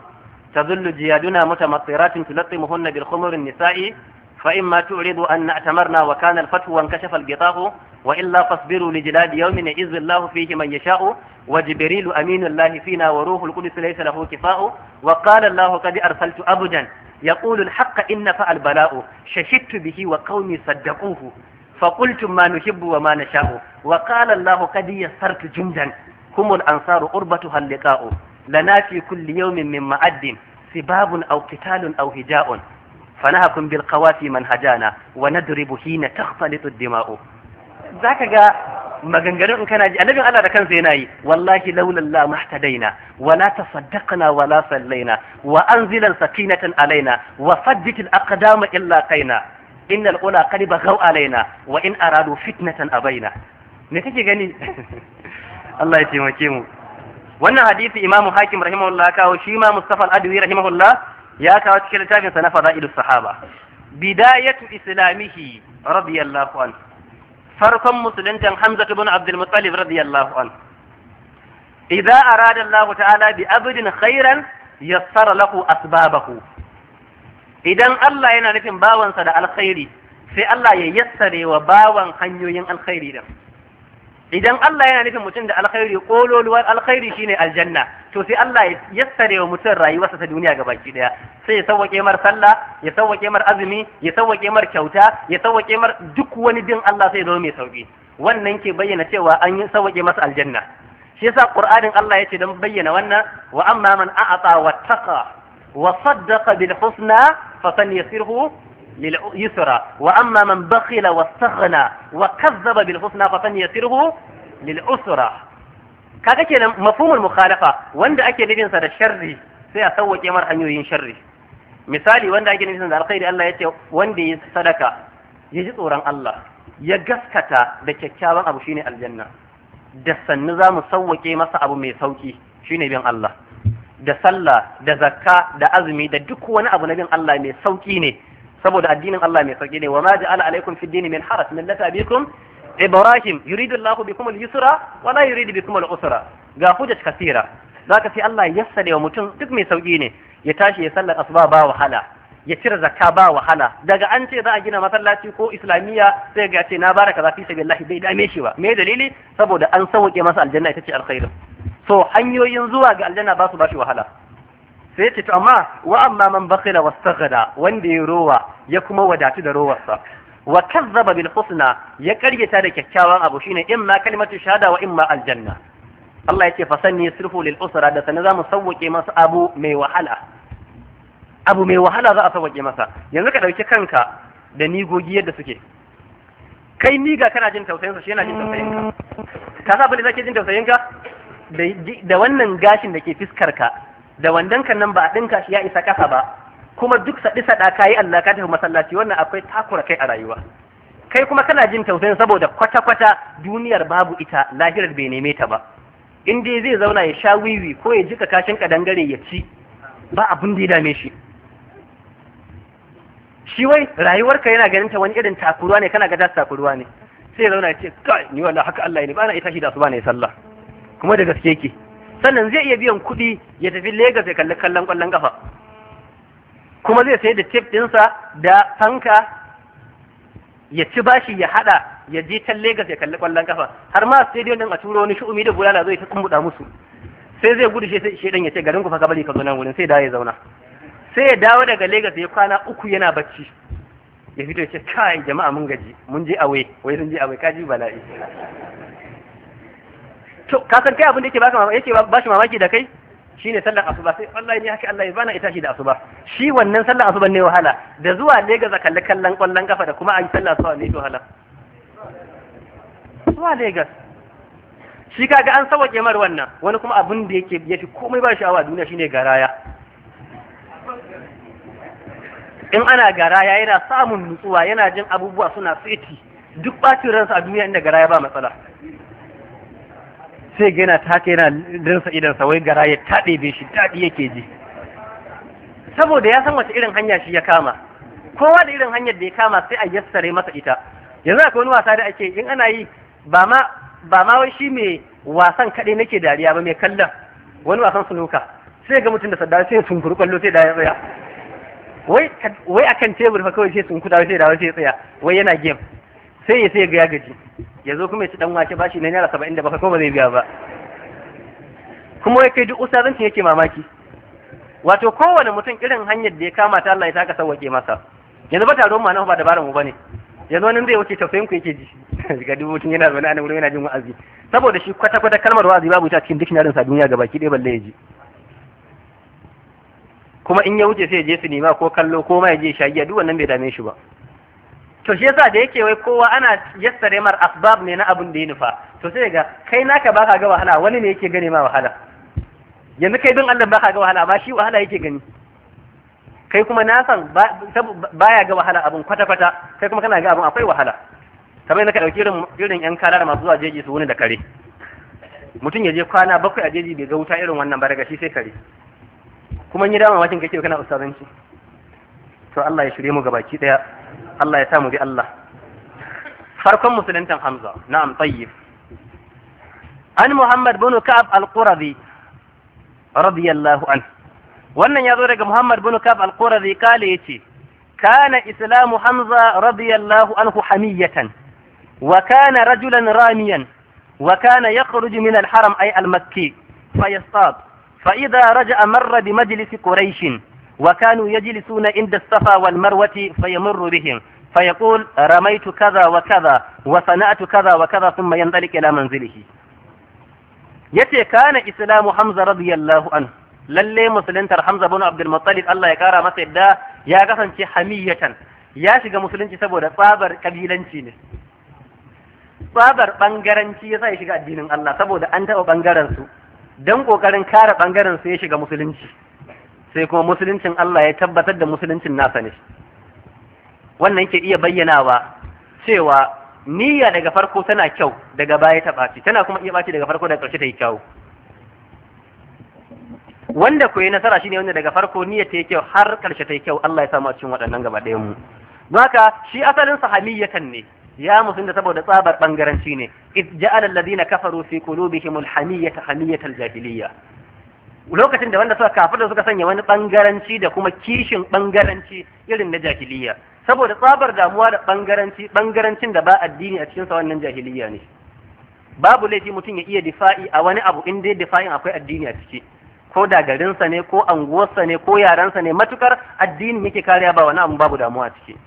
tadhullu jiyaduna mutamassiratin tulqimuhunna bil khumur an-nisa'i فإما تعرض أن نأتمرنا وكان الفتح وانكشف الغطاء وإلا فاصبروا لجلاد يوم يعز الله فيه من يشاء وجبريل أمين الله فينا وروح القدس ليس له كفاء وقال الله قد أرسلت أبدا يقول الحق إن فعل بلاء ششدت به وقومي صدقوه فقلتم ما نحب وما نشاء وقال الله قد يسرت جندا هم الأنصار قربتها اللقاء لنا في كل يوم من معد سباب أو قتال أو هجاء فنهكم بالقوافي من هجانا وندرب حين تختلط الدماء ذاك جاء maganganun in kana ji annabin Allah da kansa yana yi wallahi laula la mahtadaina wala tasaddaqna wala sallaina wa anzila sakinatan alaina wa faddit al illa qaina innal ula ghaw alaina wa in aradu fitnatan abaina me kake gani Allah ya taimake mu wannan hadisi imamu Hakim rahimahullah kawo shi ma Mustafa Al-Adwi rahimahullah ya kawo cikin littafin sa na fada'ilu sahaba bidayatu islamihi radiyallahu an farkon musuluntan hamza ibn abdul muttalib radiyallahu an idza arada allah ta'ala bi abdin khairan yassara lahu asbabahu idan allah yana nufin bawansa da alkhairi sai allah ya yassare wa bawan hanyoyin alkhairi da. idan Allah yana nufin mutum da alkhairi kololuwar alkhairi shine aljanna to sai Allah ya yassare wa mutum rayuwarsa ta duniya ga baki daya sai ya sauwake mar sallah ya sauwake mar azumi ya sauwake mar kyauta ya sauwake mar duk wani din Allah sai zama mai sauki wannan ke bayyana cewa an yi sauwake masa aljanna shi yasa qur'anin Allah yace dan bayyana wannan wa amma man a'ata wattaqa wa saddaqa bil husna fa sanyassirhu لليسرى وأما من بخل واستغنى وكذب بالحسنى فسنيسره للعسرى kaga kenan mafhumul mukhalafa wanda ake nufin da sharri sai a sauwake mar hanyoyin sharri misali wanda ake nufin da alkhairi Allah yace wanda ya sadaka ya ji tsoron Allah ya gaskata da kyakkyawan abu shine aljanna da sannu za mu sauwake masa abu mai sauki shine bin Allah da sallah da zakka da azumi da duk wani abu na bin Allah mai sauƙi ne saboda addinin Allah mai sauki ne wa ma ja'ala alaikum fi dini min haraj lata bikum ibrahim yuridu Allahu bikum al-yusra wa la yuridu bikum al-usra ga hujjat kasira zaka fi Allah yassare wa mutum duk mai sauki ne ya tashi ya sallar asuba ba wahala ya cire zakka ba wahala daga an ce za a gina masallaci ko islamiyya sai ga ce na baraka za fi sabilillah bai dame shi ba me dalili saboda an sauke masa aljanna ita ce alkhairu so hanyoyin zuwa ga aljanna ba su ba shi wahala sai ce to amma wa amma man bakhila wastaghna wanda ya rowa ya kuma wadatu da sa wa kazzaba bil husna ya karyata da kyakkyawan abu shine ma kalimatu shahada wa ma aljanna Allah ya ce fa sanni sirhu lil usra da sanan zamu sauke masa abu mai wahala abu mai wahala za a sauke masa yanzu ka dauki kanka da nigogi yadda suke kai ga kana jin tausayin sa shi yana jin tausayin ka ka sa bane zake jin tausayin ka da wannan gashin da ke fiskar ka da wandon kan nan ba a ɗinka shi ya isa kafa ba kuma duk saɗi saɗa ka yi Allah ka tafi masallaci wannan akwai takura kai a rayuwa kai kuma kana jin tausayin saboda kwata-kwata duniyar babu ita lahirar bai neme ta ba in dai zai zauna ya sha wiwi ko ya jika kashin kadangare ya ci ba abin da ya dame shi shi wai rayuwarka yana ganin ta wani irin takuruwa ne kana ga ta takuruwa ne sai ya zauna ya ce kai ni wallahi haka Allah ne ba na ita shi da su ba ne sallah kuma da gaske yake sannan zai iya biyan kuɗi ya tafi Legas ya kalli kallon ƙwallon ƙafa kuma zai sai da tip ɗinsa da fanka ya ci bashi ya haɗa ya je can Legas ya kalli ƙwallon ƙafa har ma stadium ɗin a turo wani shu'umi da bulala zai ta kumbuɗa musu sai zai gudu shi ɗan ya ce garin ku fa kabari ka zo nan wurin sai da ya zauna sai ya dawo daga Legas ya kwana uku yana bacci ya fito ya ce kai jama'a mun gaji mun je awe wai sun je awe kaji bala'i to ka san kai abin da yake baka mamaki yake ba shi mamaki da kai shine sallar asuba sai wallahi ya haka Allah ya bana ita shi da asuba shi wannan sallar asuba ne wahala da zuwa ga kalli kallon kallan kafa da kuma an sallar asuba ne wahala zuwa ga shi kaga an sauke mar wannan wani kuma abin da yake yafi komai ba sha'awa duniya shine garaya in ana garaya yana samun nutsuwa yana jin abubuwa suna fiti duk bacin ransa a duniya inda garaya ba matsala sai gina ta haka yana rinsa idan sa wai gara ya taɗe be shi taɗi yake ji saboda ya san wata irin hanya shi ya kama kowa da irin hanyar da ya kama sai a yassare masa ita yanzu akwai wani wasa da ake in ana yi ba ma wai shi mai wasan kaɗai nake dariya ba mai kallon wani wasan sunuka sai ga mutum da sadda sai sun kuru kwallo sai da ya tsaya wai akan tebur fa kawai sai sun kuda sai da sai tsaya wai yana game sai ya sai ya gaji ya zo kuma ya ci dan wace bashi na naira saba'in da bakwai kuma ba zai biya ba kuma ya kai duk ustazancin yake mamaki wato kowane mutum irin hanyar da ya kama ta Allah ya saka sauwake masa yanzu ba taron ma na ba dabaran mu bane yanzu wani zai wuce tausayin ku yake ji ga dubu mutum yana zaune a nan wurin yana jin wa'azi saboda shi kwata kwata kalmar wa'azi babu ta cikin dictionary sa duniya gabaki ɗaya balle ya ji kuma in ya wuce sai ya je sinima ko kallo ko ma ya je shagiya duk wannan bai dame shi ba to shi yasa da yake wai kowa ana yassare mar asbab ne na abun da ya nufa to sai ga kai naka baka ga wahala wani ne yake gane ma wahala yanzu kai don Allah baka ga wahala amma shi wahala yake gani kai kuma na san baya ga wahala abun kwata kwata kai kuma kana ga abun akwai wahala kamar yadda ka dauki irin irin yan kara da masu zuwa jeji su wuni da kare mutum ya je kwana bakwai a jeji bai ga wuta irin wannan ba shi sai kare kuma in yi dama wakin kake kana ustazanci to Allah ya shirye mu gabaki daya Allah ya sa mu bi Allah farkon musuluntan Hamza na'am tayyib an Muhammad bin Ka'ab al quradi radiyallahu an wannan ya zo daga Muhammad bin Ka'ab al quradi kale yace kana islamu Hamza radiyallahu anhu hamiyatan wa kana rajulan ramiyan wa kana yakhruju min al-haram ay al-makki fayastab fa idha raja'a marra bi majlis quraish وكانوا يجلسون عند الصفا والمروة فيمر بهم فيقول رميت كذا وكذا وصنعت كذا وكذا ثم ينطلق إلى منزله yace kana islamu hamza radiyallahu anhu lalle musuluntar hamza bin abdul muttalib Allah ya kara masa yadda ya kasance hamiyatan ya shiga musulunci saboda tsabar kabilanci ne tsabar bangaranci yasa ya shiga addinin Allah saboda an taɓa bangaren su dan kokarin kare bangaren su ya shiga musulunci sai kuma musuluncin Allah ya tabbatar da musuluncin nasa ne wannan ke iya bayyanawa cewa niyya daga farko tana kyau daga baya ta ɓaci tana kuma iya ɓaci daga farko daga ƙarshe ta yi kyau wanda ku yi nasara shine wanda daga farko niyya ta yi kyau har ƙarshe ta yi kyau Allah ya samu a cikin waɗannan gaba ɗaya mu waka shi asalin hamiyyatan ne ya da saboda tsabar bangaranci ne id ja'ala alladhina kafaru fi qulubihim alhamiyata hamiyatal jahiliyya lokacin da wanda suka da suka sanya wani bangaranci da kuma kishin bangaranci irin na jahiliya saboda tsabar damuwa da bangaranci bangarancin da ba addini a cikin sa wannan jahiliya ne babu laifi mutum ya iya difa'i a wani abu in dai difa'in akwai addini a ciki ko da garinsa ne ko anguwarsa ne ko yarensa ne matukar addini yake kariya ba wani abu babu damuwa a ciki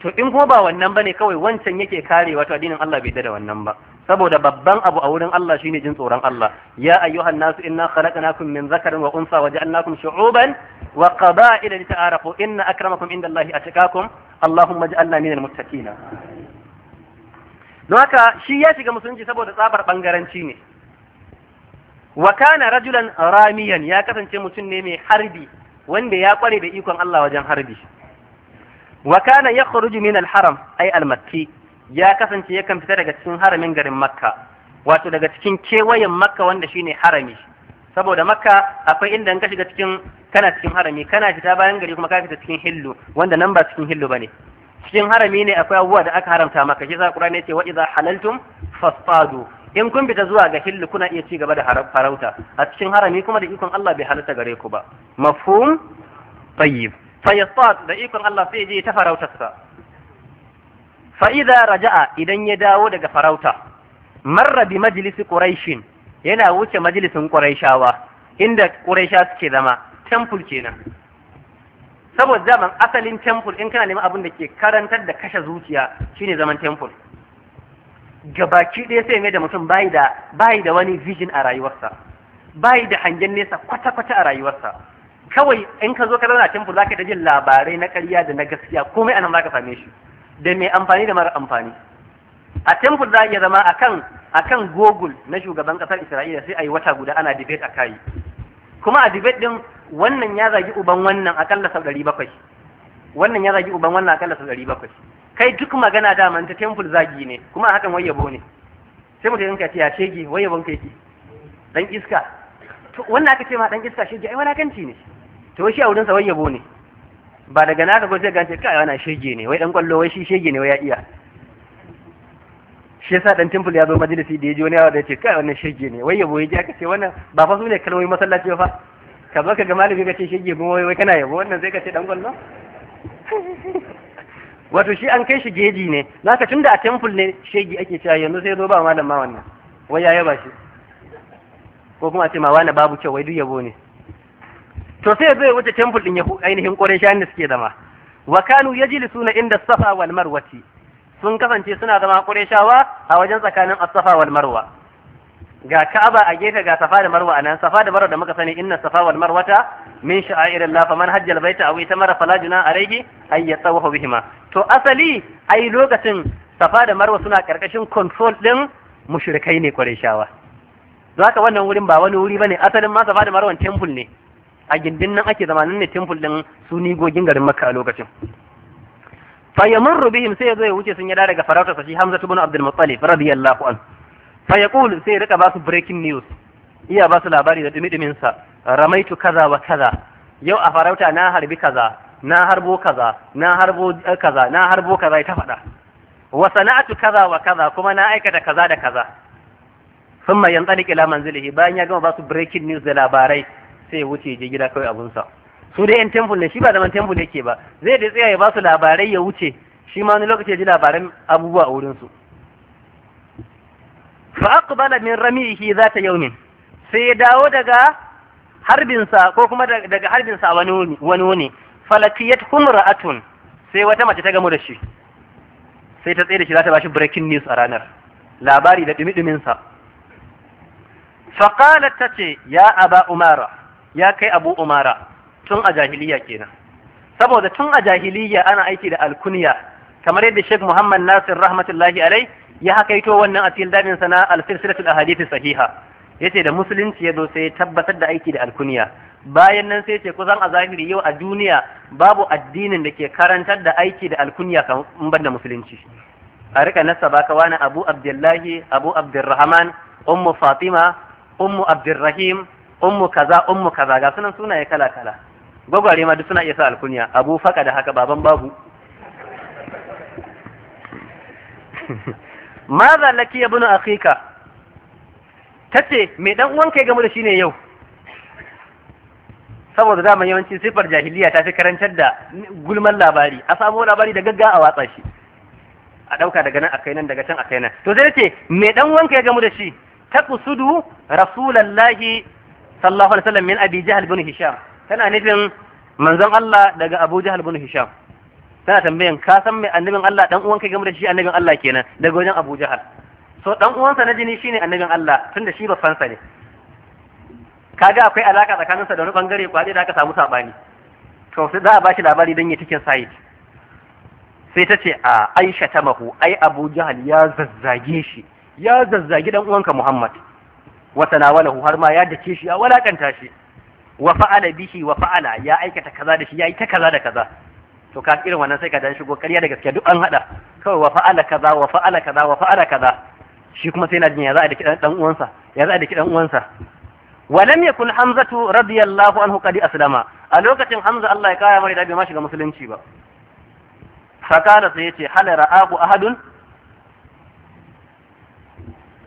to in kuma ba wannan bane kawai wancan yake kare wato addinin Allah bai da wannan ba saboda babban abu a wurin Allah shine jin tsoron Allah ya ayyuhan nasu inna khalaqnakum min zakarin wa unsa wa ja'alnakum shu'uban wa qaba'ila lita'arafu inna akramakum indallahi atqakum Allahumma ij'alna minal muttaqin don haka shi ya shiga musulunci saboda tsabar bangaranci ne wa kana rajulan ramiyan ya kasance mutum ne mai harbi wanda ya kware da ikon Allah wajen harbi wa kana yakhruju min al-haram ay al-makki ya kasance yakan fita daga cikin haramin garin makka wato daga cikin kewayen makka wanda shine harami saboda makka akwai inda in ka shiga cikin kana cikin harami kana fita bayan gari kuma ka fita cikin hillu wanda nan ba cikin hillu bane cikin harami ne akwai abubuwa da aka haramta maka shi sa qur'ani yace wa idza halaltum fasfadu in kun fita zuwa ga hillu kuna iya ci gaba da farauta a cikin harami kuma da ikon Allah bai halatta gare ku ba mafhum tayyib fa da ikon Allah sai je ta farautarsa fa'iza raja'a idan ya dawo daga farauta marra bi majalisi ƙuraishin yana wuce majalisin ƙuraishawa inda ƙuraisha suke zama temple kenan saboda zaman asalin temple in kana neman abin da ke karantar da kashe zuciya shine zaman temple gabaki ɗaya sai mai da mutum bayi da bayi da wani vision a rayuwarsa bayi da hangen nesa kwata-kwata a rayuwarsa kawai in ka zo ka zauna temple zaka da jin labarai na ƙarya da na gaskiya komai anan zaka same shi da mai amfani da mara amfani a temple za a iya zama akan akan google na shugaban kasar isra'ila sai a yi wata guda ana debate a kayi kuma a debate din wannan ya zagi uban wannan akalla sau ɗari bakwai wannan ya zagi uban wannan akalla sau ɗari bakwai kai duk magana dama ta temple zagi ne kuma hakan wayyabo ne sai mutum yanka ce ya shege wayyabon kai ke dan iska to wannan aka ce ma dan iska shege ai walakanci ne to shi a wurin sa wayyabo ne ba daga naka ko sai ga ce kai wannan shege ne wai dan kwallo wai shi shege ne wai ya iya shi yasa dan temple ya zo majalisi da ya ji wani yawa da ya ce kai wannan shege ne wai yabo ya ji aka ce wannan ba fa su ne kalmomin masallaci ba fa ka zo ka ga malami ka ce shege kuma wai wai kana yabo wannan sai ka ce dan kwallo wato shi an kai shi geji ne naka tunda a temple ne shege ake cewa yanzu sai zo ba malam ma wannan wai ya yaba shi ko kuma a ce ma wani babu kyau wai duk yabo ne to sai zai wuce temple din ainihin Qurayshawan da suke zama wa kanu yajlisuna inda Safa wal Marwati sun kasance suna zama shawa a wajen tsakanin As-Safa wal Marwa ga Ka'aba a gefe ga Safa da Marwa anan Safa da Marwa da muka sani inna Safa wal Marwata min sha'airillah faman hajja al-baita aw itamara fala juna alayhi ay yatawafa bihima to asali ai lokacin Safa da Marwa suna karkashin control din mushrikai ne shawa zaka wannan wurin ba wani wuri bane asalin ma Safa da Marwa temple ne a gindin nan ake zama nan ne temple din su gogin garin makka a lokacin fa yamurru bihim sai yazo ya wuce sun yada daga farautarsa shi hamza ibn abdul muttalib radiyallahu an fa yaqul sai rika ba su breaking news iya ba su labari da dumi sa ramaitu kaza wa kaza yau a farauta na harbi kaza na harbo kaza na harbo eh, kaza na harbo kaza ita fada wa sana'atu kaza wa kaza kuma na aikata kaza da kaza thumma yanzalik ila manzilihi bayan ya gama ba su breaking news da labarai sai ya wuce je gida kawai abunsa su dai yan temple ne shi ba zaman temple yake ba zai da tsaya ya ba su labarai ya wuce shi ma wani lokaci ya ji labaran abubuwa a wurinsu fa aqbala min ramihi zata yawmin sai ya dawo daga harbinsa ko kuma daga harbinsa wani wani falakiyat Atun. sai wata mace ta gamu da shi sai ta tsaye da shi za ta bashi breaking news a ranar labari da dumi-duminsa faƙalar ta ce ya aba umara ya kai abu umara tun a jahiliya kenan saboda tun a jahiliya ana aiki da alkuniya kamar yadda Sheikh Muhammad Nasir rahmatullahi alai ya hakaito wannan a cikin damin sana al al ahadith sahiha yace da musulunci ya zo sai tabbatar da aiki da alkuniya bayan nan sai ce kusan a zahiri yau a duniya babu addinin da ke karantar da aiki da alkuniya kan banda musulunci a rika nasa baka wani abu abdullahi abu abdurrahman ummu fatima ummu abdurrahim ummu kaza ummu kaza ga sunan sunaye kala kala gwagware ma duk suna iya sa alkunya abu faka da haka baban babu maza laki ya bunu akika tace me dan uwan ya gamu da shine yau saboda dama yawanci sifar jahiliya ta fi karantar da gulman labari a samu labari da gagga a watsa shi a ɗauka daga nan akai nan daga can akai nan to sai ce me dan uwan ya gamu da shi ta kusudu rasulallahi sallallahu alaihi wasallam min abi jahl bin hisham tana nufin manzon Allah daga Abu Jahl bin Hisham tana tambayan ka san mai annabin Allah dan uwanka game da shi annabin Allah kenan daga wajen Abu Jahl so dan uwansa na jini shine annabin Allah tunda shi ba fansa ne kaga akwai alaka tsakanin sa da wani bangare kwaɗe da aka samu sabani to sai za a bashi labari dan ya cikin sai sai ta ce a Aisha ta mahu ai Abu Jahl ya zazzage shi ya zazzage dan uwanka Muhammad har ma ya a وتناوله هرما يدكيش يا ولا كنتاش وفعل به وفعل يا ايك تكذا دش ta kaza da kaza. to ka irin wannan sai ka dan shigo kariya da gaskiya duk an hada kawai wa fa'ala kaza wa fa'ala kaza wa fa'ala kaza shi kuma sai na jin ya za a da kidan dan uwansa ya za a da kidan uwansa wa lam yakun hamzatu radiyallahu anhu qadi aslama a lokacin hamza Allah ya kawo mai da bai ma shiga musulunci ba fa kana sai yace hal ra'ahu ahadun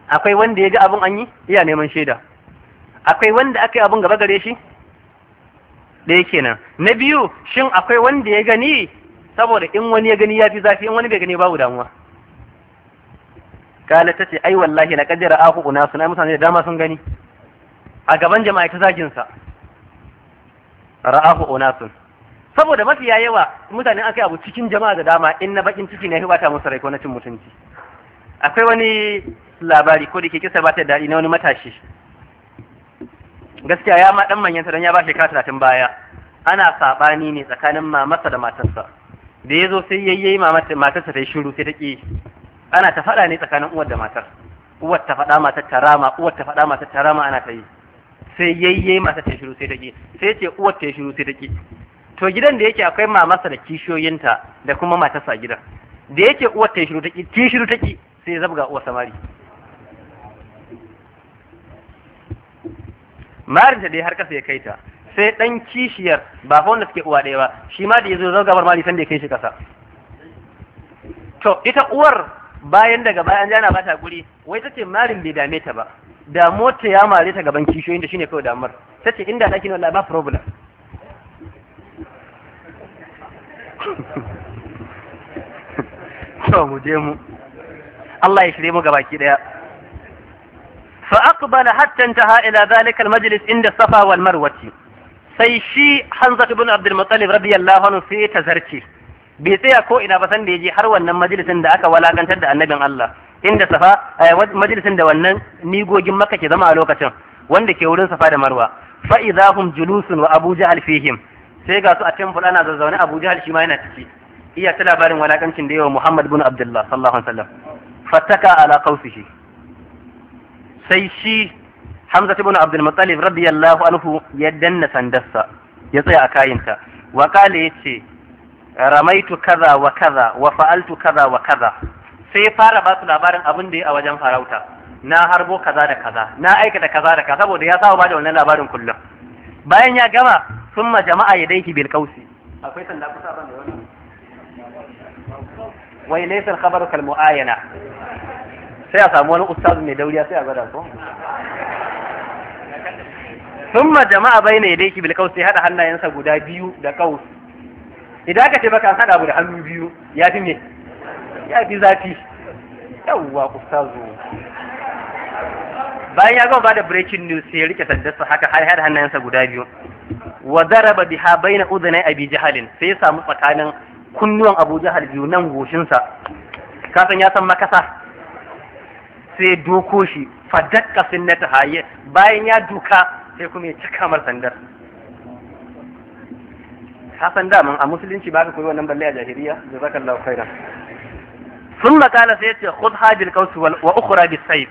akwai wanda ya ga abin an yi iya neman shaida akwai wanda aka yi abin gaba gare shi ɗaya kenan na biyu shin akwai wanda ya gani saboda in wani ya gani ya fi zafi in wani bai gani babu damuwa kala ta ce ai wallahi na kaddara aku una suna mutane da dama sun gani a gaban jama'a ta zagin sa ra'ahu unasun saboda mafi yawa mutane akai abu cikin jama'a da dama in na bakin ciki ne ya bata musu rai ko na cin mutunci akwai wani labari ko da ke kisa ba ta daɗi na wani matashi gaskiya ya ma dan manyanta dan ya ba shekara talatin baya ana saɓani ne tsakanin mamarsa da matarsa da ya zo sai yayye matarsa ta yi shiru sai ta ƙi ana ta faɗa ne tsakanin uwar da matar uwar ta faɗa matar ta rama uwar ta faɗa matar ta rama ana ta yi sai yayye matar ta yi shiru sai ta ƙi sai ce uwar ta yi shiru sai ta ƙi to gidan da yake akwai mamarsa da kishiyoyinta da kuma matarsa a gidan da yake uwar ta yi shiru ta ƙi kishiru ta ƙi sai zabga uwar samari Marin ta dai har kasa ya kai ta sai dan kishiyar ba fa wanda suke uwa ɗaya ba shi ma da ya zo gabar mali san da ya kai shi kasa to ita uwar bayan daga bayan jana ba ta guri wai tace marin bai dame ta ba da mota ya mare ta gaban kishiyoyin da shine kawai damar ta ce inda ɗakin wallahi ba problem to mu je mu Allah ya shirye mu gabaki daya فأقبل حتى انتهى إلى ذلك المجلس عند الصفا والمروة sai shi Hanzatu bin Abdul Muttalib radiyallahu anhu sai ya tazarce bai tsaya ko ina ba san da yaje har wannan majalisin da aka walakantar da annabin Allah inda safa majalisin da wannan nigogin maka ke zama a lokacin wanda ke wurin safa da Marwa fa idahum julusun wa Abu Jahl fihim sai ga su a cikin fulana zazzaune Abu Jahl shi ma yana ciki iya ta labarin walakancin da yawa Muhammad bin Abdullah sallallahu alaihi wasallam fataka ala qausihi sai shi Hamza ibn Abdul Muttalib radiyallahu anhu ya danna sandarsa ya tsaya a kayinta wa kale yace ramaitu kaza wa kaza wa fa'altu kaza wa kaza sai ya fara ba su labarin abin da ya a wajen farauta na harbo kaza da kaza na aikata kaza da kaza saboda ya saba ba da wannan labarin kullum bayan ya gama sun ma jama'a ya daiki bil qausi akwai sanda kusa ban da wani wa ilaysa al khabaru kal muayana sai a samu wani ustazu mai dauriya sai a gwada sun ma jama'a bayna yadayki bil qaws sai hada hannayensa guda biyu da kaus. idan ka ce baka haɗa abu da hannu biyu ya fi me ya fi zafi yawwa ustazu bayan ya gama bada breaking news sai ya rike sandarsa haka har haɗa hannayensa guda biyu wa daraba biha baina udunai abi jahalin sai ya samu tsakanin kunnuwan abu jahal biyu nan goshinsa kasan ya san makasa sai doko shi fadakka sunnata haye bayan ya duka sai kuma ya ci kamar sandar hasan daman a musulunci ba ka koyi wannan balle a jahiliya jazakallahu khairan ثم قال سيتي خذها بالقوس واخرى بالسيف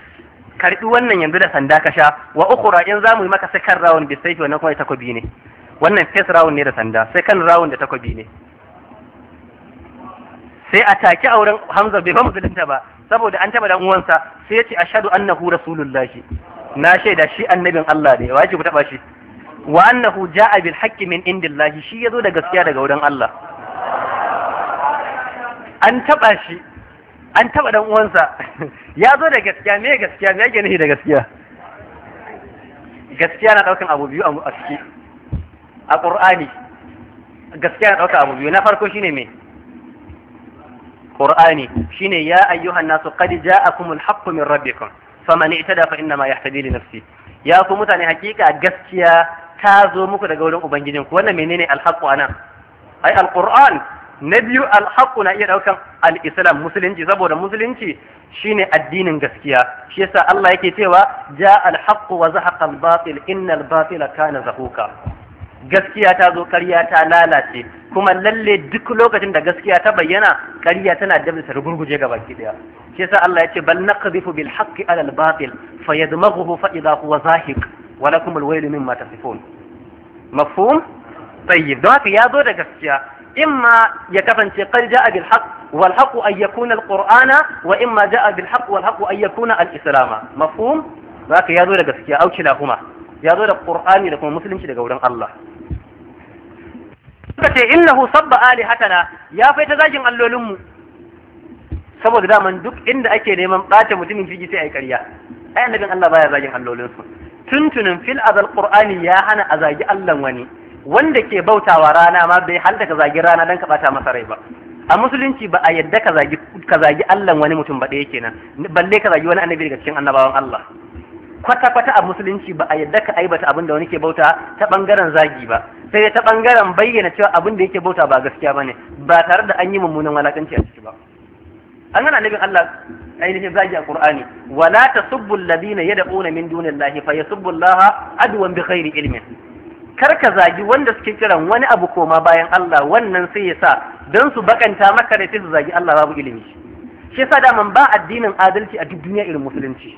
karbi wannan yanzu da sanda ka sha wa ukhra in zamu yi maka second round bi sai wannan kuma takobi ne wannan first round ne da sanda second round da takobi ne sai a taki auren Hamza bai fa musulunta ba saboda an taba dan uwansa sai yace ashhadu annahu rasulullah na shaida shi annabin Allah ne wa yake ku taba shi wa annahu jaa bil haqqi min indillah shi yazo da gaskiya daga wurin Allah an taba shi an taba dan uwansa ya zo da gaskiya me gaskiya me yake nufi da gaskiya gaskiya na daukan abu biyu a ciki a qur'ani gaskiya na daukan abu biyu na farko shine me qur'ani shine ya ayyuhan nasu qad ja'akumul haqqu min rabbikum faman i'tada fa inna yahtadi li nafsi ya ku mutane hakika gaskiya ta zo muku daga wurin ubangijin ku wannan menene alhaqqu anan ai alquran na biyu alhaqqu na iya daukan alislam musulunci saboda musulunci shine addinin gaskiya shi yasa Allah yake cewa ja alhaqqu wa zahaqa albatil innal batila kana zahuka gaskiya ta zo ƙarya ta lalace kuma lalle duk lokacin da gaskiya ta bayyana ƙarya tana da bisa rugurguje ga baki daya shi yasa Allah ya ce bal naqdhifu bil haqqi ala al batil fayadmaghuhu fa idha huwa zahiq wa lakum al waylu mimma tasifun mafhum tayyib don haka ya zo da gaskiya imma ya kasance qad jaa bil haqq wal haqq an yakuna al qur'ana wa imma jaa bil haqq wal haqq an yakuna al islama mafhum haka ya zo da gaskiya au kilahuma ya zo da qur'ani da kuma musulunci daga wurin Allah suka ce innahu sabba alihatana ya fai ta zagin allolinmu saboda daman duk inda ake neman ɓata mutumin kirki sai karya ƙarya ai annabin Allah baya zagin allolinsu tuntunin fil azal qur'ani ya hana a zagi Allah wani wanda ke bautawa rana ma bai halta ka zagi rana dan ka bata masa rai ba a musulunci ba a yadda ka zagi ka zagi Allah wani mutum ba ɗaya kenan balle ka zagi wani annabi daga cikin annabawan Allah kwata-kwata a musulunci ba a yadda ka aibata abin da wani ke bauta ta bangaren zagi ba sai ta bangaren bayyana cewa abin da yake bauta ba gaskiya bane ba tare da an yi mummunan walakanci a ciki ba an gana nabin Allah ainihin zagi a Qur'ani wala tasubbu yada yad'una min dunillahi ya yasubbu Allah adwan bi khairi ilmin kar ka zagi wanda suke kiran wani abu koma bayan Allah wannan sai ya sa don su bakanta maka da su zagi Allah babu ilimi shi yasa daman ba addinin adalci a duk duniya irin musulunci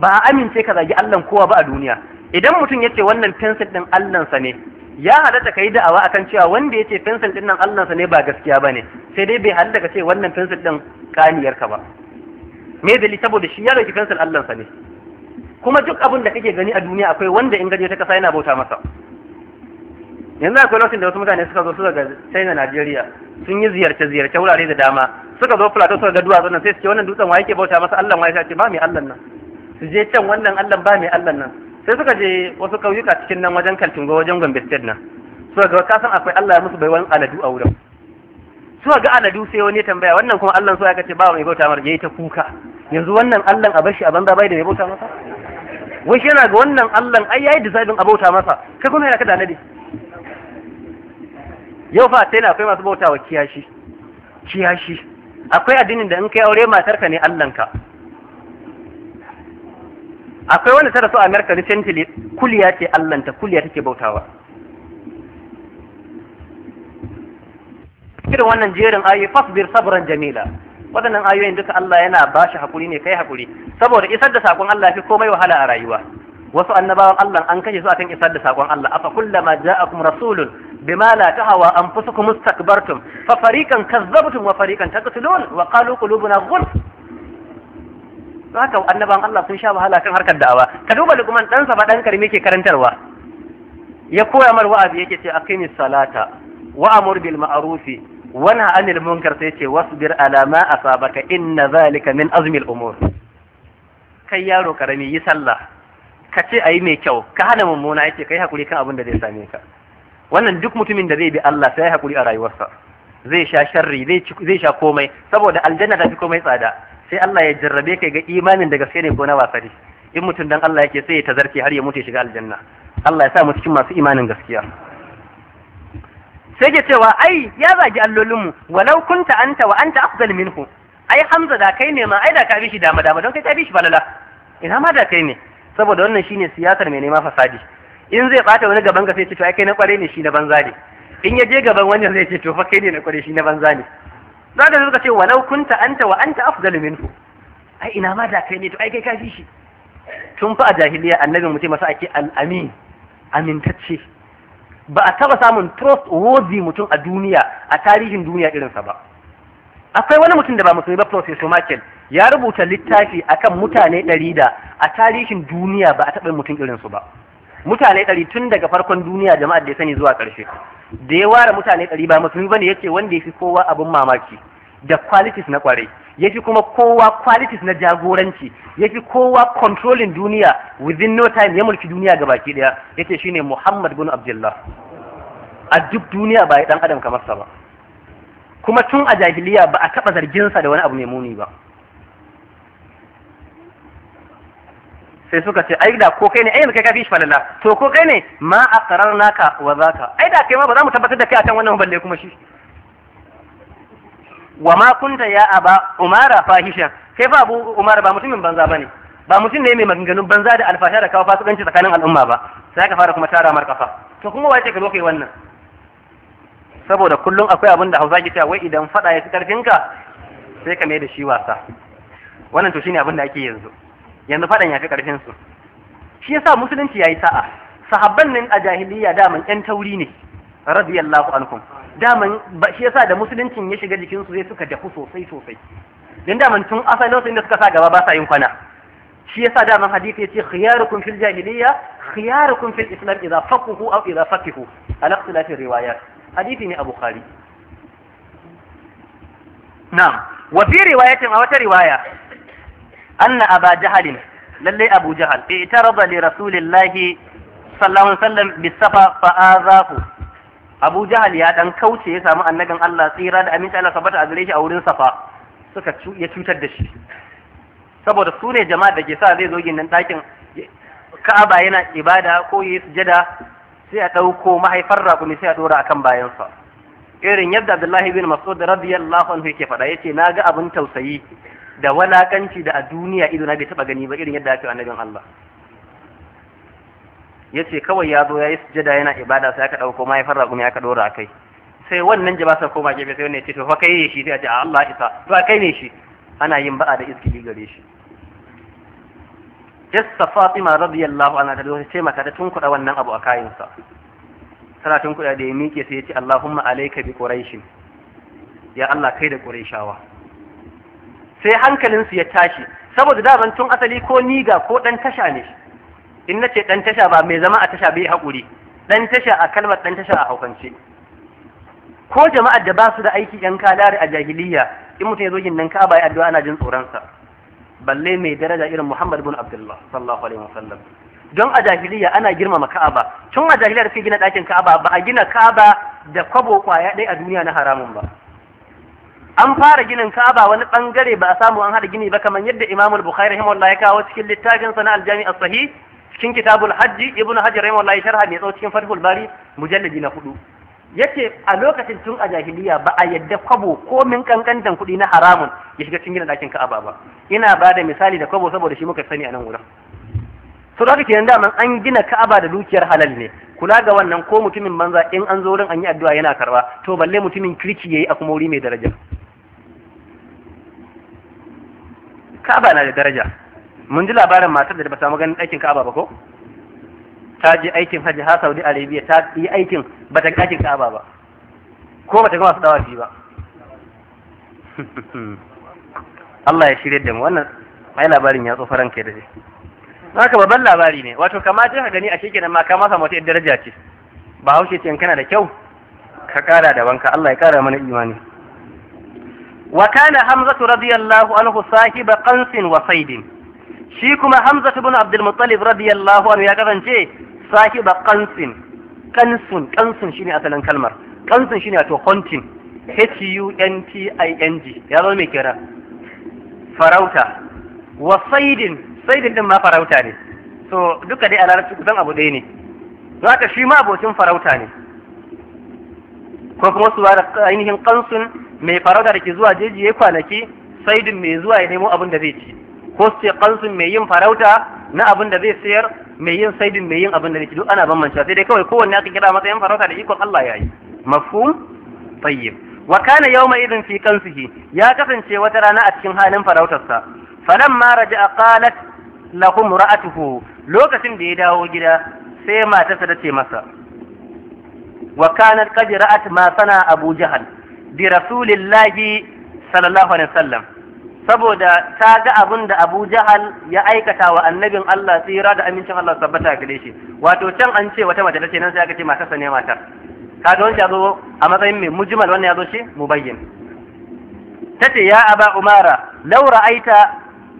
ba a amince ka zagi Allah kowa ba a duniya idan mutum ce wannan pencil din Allah sa ne ya halatta kai da'awa akan cewa wanda yace pencil din nan Allah sa ne ba gaskiya bane sai dai bai halatta ka ce wannan pencil din kaniyar ka ba me dali saboda shi ya dauki pencil Allah sa ne kuma duk abin da kake gani a duniya akwai wanda in gaje ta kasa yana bauta masa yanzu akwai lokacin da wasu mutane suka zo suka ga China Najeriya sun yi ziyarce ziyarce wurare da dama suka zo Plateau suka ga duwatsun nan sai su ce wannan dutsen wa yake bauta masa Allah wa ya ce ba mai Allah nan su je can wannan allan ba mai allan nan sai suka je wasu kauyuka cikin nan wajen kaltin kaltungo wajen gombe state nan suka ga san akwai allah ya musu baiwan aladu a wurin suka ga aladu sai wani tambaya wannan kuma allan so ya kace ba mai bauta mar yayi ta kuka yanzu wannan allan a bashi a banza bai da mai bauta masa wai shi yana ga wannan allan ai yayi design a bauta masa kai kuma yana ka da nade yau fa sai na akwai masu bautawa kiyashi kiyashi akwai addinin da in kai aure matarka ne allanka akwai wanda ta su a America recently kuliya ce allanta kuliya take bautawa irin wannan jerin ayoyi fasbir sabran jamila waɗannan ayoyin duka Allah yana ba shi hakuri ne kai hakuri saboda isar da sakon Allah fi komai wahala a rayuwa wasu annabawan Allah an kashe su akan isar da sakon Allah afa kullama ja'akum rasulun bima la tahawa anfusukum istakbartum fa fariqan kazzabtum wa fariqan taqtulun wa qalu qulubuna ghulf haka annaban Allah sun sha wahala kan harkar da'awa ka duba lukman dan sa ba dan karimi ke karantarwa ya koya mar wa'azi yake ce aqimi salata wa amur bil ma'ruf wa nahy anil munkar sai ce wasbir ala ma asabaka inna zalika min azmil umur kai yaro karami yi sallah ka ce ayi mai kyau ka hana mummuna yace kai hakuri kan abin da zai same ka wannan duk mutumin da zai bi Allah sai ya hakuri a rayuwarsa zai sha sharri zai sha komai saboda aljanna ta fi komai tsada sai Allah ya jarrabe kai ga imanin da gaske ne ko na wasari in mutum dan Allah yake sai ya tazarce har ya mutu shiga aljanna Allah ya sa mu cikin masu imanin gaskiya sai ke cewa ai ya zagi allolinmu walau kunta anta wa anta afdal minhu ai hamza da kai ne ma ai da ka bi shi dama dama don kai ka bi shi balala ina ma da kai ne saboda wannan shine siyasar mai nema fasadi in zai bata wani gaban ga sai ce to ai kai na kware ne shi na banza ne in ya je gaban wannan zai ce to fa kai ne na kware shi na banza ne za ka suka ce walau kunta anta wa anta afdalu minhu ai ina ma da kai ne to ai kai ji shi tun fa a jahiliya annabi mutum masa ake al'amin amintacce ba a taba samun trust worthy mutum a duniya a tarihin duniya irin irinsa ba akwai wani mutum da ba musulmi ba professor Michael ya rubuta littafi akan mutane ɗari a tarihin duniya ba a taɓa mutum irin su ba mutane ɗari tun daga farkon duniya jama'ar da ya sani zuwa ƙarshe da ya ware mutane ɗari ba musulmi bane ce wanda ya fi kowa abin mamaki da qualities na kwarai ya fi kuma kowa kwalitis na jagoranci ya fi kowa controlling duniya within no time ya mulki duniya ga baki ɗaya yace shine Muhammad bin Abdullah a duk duniya ba ya dan adam kamar sa ba kuma tun a jahiliya ba a taɓa zarginsa da wani abu mai muni ba sai suka ce ai da ko kai ne ai yanzu kai kafi shi falala to ko kai ne ma aqrar naka wa zaka ai da kai ma ba za mu tabbatar da kai a can wannan balle kuma shi wa ma kunta ya aba umara fahisha kai fa abu umara ba mutumin banza bane ba mutum ne mai maganganun banza da alfasha da kawo fasikanci tsakanin al'umma ba sai ka fara kuma tara mar kafa to kuma wace ka zo kai wannan saboda kullum akwai abin da Hausa ke cewa wai idan fada ya fi karfinka sai ka mai da shi wasa wannan to shine abin da ake yanzu yanzu faɗan ya fi ƙarfin su shi yasa musulunci yayi sa'a sahabban nan a jahiliya man ƴan tauri ne radiyallahu anhum daman shi yasa da musuluncin ya shiga jikin su sai suka dafu sosai sosai dan man tun asalin su inda suka sa gaba ba sa yin kwana shi yasa man hadisi yace khiyarukum fil jahiliya khiyarukum fil islam idza faquhu aw idza faqihu ala ikhtilafi riwayat hadisi ne a bukhari Na, wa fi riwayatin a wata riwaya anna aba jahalin lalle abu jahal ta li rasulillahi sallallahu alaihi bisafa fa azafu abu jahal ya dan kauce ya samu annabin Allah tsira da aminci Allah sabata a shi a wurin safa suka ya cutar da shi saboda sune ne jama'a da ke sa zai zo ginin ɗakin ka'aba yana ibada ko yi sujada sai a ɗauko mahaifar raƙumi sai a ɗora a kan bayansa irin yadda abdullahi bin masud radiyallahu anhu yake faɗa yace na ga abin tausayi da walakanci da a duniya ido na bai taba gani ba irin yadda ake annabin Allah yace kawai ya zo yayi sujada yana ibada sai aka dauko mai farra kuma aka dora kai, sai wannan sai koma gefe sai wannan yace ce to fa kai ne shi sai a ce Allah isa to kai ne shi ana yin ba'a da iski gare shi Jassa Fatima radiyallahu anha ta lokaci sai maka ta kuɗa wannan abu a kayansa. Tana kuɗa da ya miƙe sai ya ce Allahumma alayka bi Quraish. Ya Allah kai da quraishawa sai hankalinsu ya tashi saboda daban tun asali ko niga ko ɗan tasha ne in nace ce ɗan tasha ba mai zama a tasha bai haƙuri ɗan tasha a kalmar ɗan tasha a haukance ko jama'ar da ba su da aiki yan kalari a jahiliya in mutum ya zo ginnan ka ya addu'a ana jin tsoronsa balle mai daraja irin Muhammad bin Abdullah sallallahu alaihi wasallam don a jahiliya ana girmama Ka'aba tun a jahiliya da suke gina ɗakin Ka'aba ba a gina Ka'aba da kwabo kwaya ɗaya a duniya na haramun ba an fara ginin Ka'aba wani bangare ba a samu an hada gini ba kamar yadda Imam Al-Bukhari Allah ya kawo cikin littafin sa na Al-Jami' as-Sahih cikin Kitabul Hajji Ibn Hajar rahimahullah ya sharha mai tsawo cikin Fathul Bari mujalladi na hudu yace a lokacin tun a jahiliya ba a yadda kwabo ko min kankantan kuɗi na haramun ya shiga cikin ɗakin Ka'aba ba ina ba da misali da kwabo saboda shi muka sani a nan wurin so da kenan daman an gina Ka'aba da dukiyar halal ne kula ga wannan ko mutumin banza in an zo wurin an yi addu'a yana karba to balle mutumin kirki yayi a kuma wuri mai daraja ka'aba na da daraja mun ji labarin matar da ba samu ganin aikin ka'aba ba ko ta je aikin hajji ha saudi arabia ta yi aikin ba ta aikin ka'aba ba ko ba ta gama su dawafi ba Allah ya shirye da mu wannan mai labarin ya tsofa ranka da haka babban labari ne wato kama je ka gani a shekenan ma ka masa wata daraja ce ba haushe ce kana da kyau ka kara da wanka Allah ya kara mana imani wa kana hamzatu radiyallahu anhu sahiba qansin wa saidin shi kuma hamzatu ibn abdul muttalib radiyallahu anhu ya kasance sahiba qansin qansun qansun shine asalin kalmar qansun shine wato hunting h u n t i n g ya zama mai kira farauta wa saidin saidin din farauta ne so duka dai a larabci kusan abu ɗaya ne zaka shi ma abokin farauta ne ko kuma su da ainihin kansun mai farauta da ke zuwa jeji ya kwanaki saidin mai zuwa ya nemo abin da zai ci ko su ce kansun mai yin farauta na abin da zai sayar mai yin saidin mai yin abin da zai ci duk ana bambanta sai dai kawai kowanne aka kira matsayin farauta da ikon Allah ya yi mafhum tayyib wa kana yawma idin fi kansihi ya kasance wata rana a cikin halin farautarsa falamma raja'a qalat lahum ra'atuhu lokacin da ya dawo gida sai matarsa ta ce masa wa kanat qad ra'at ma sana Abu Jahal bi Rasulillahi sallallahu alaihi wasallam saboda ta ga abin da Abu ya aikata wa annabin Allah tsira da amincin Allah tabbata gare wato can an ce wata mace ce nan sai aka ce matarsa ne matar ka ga wanda yazo a matsayin mai mujmal wannan yazo shi mubayyin tace ya aba umara law ra'aita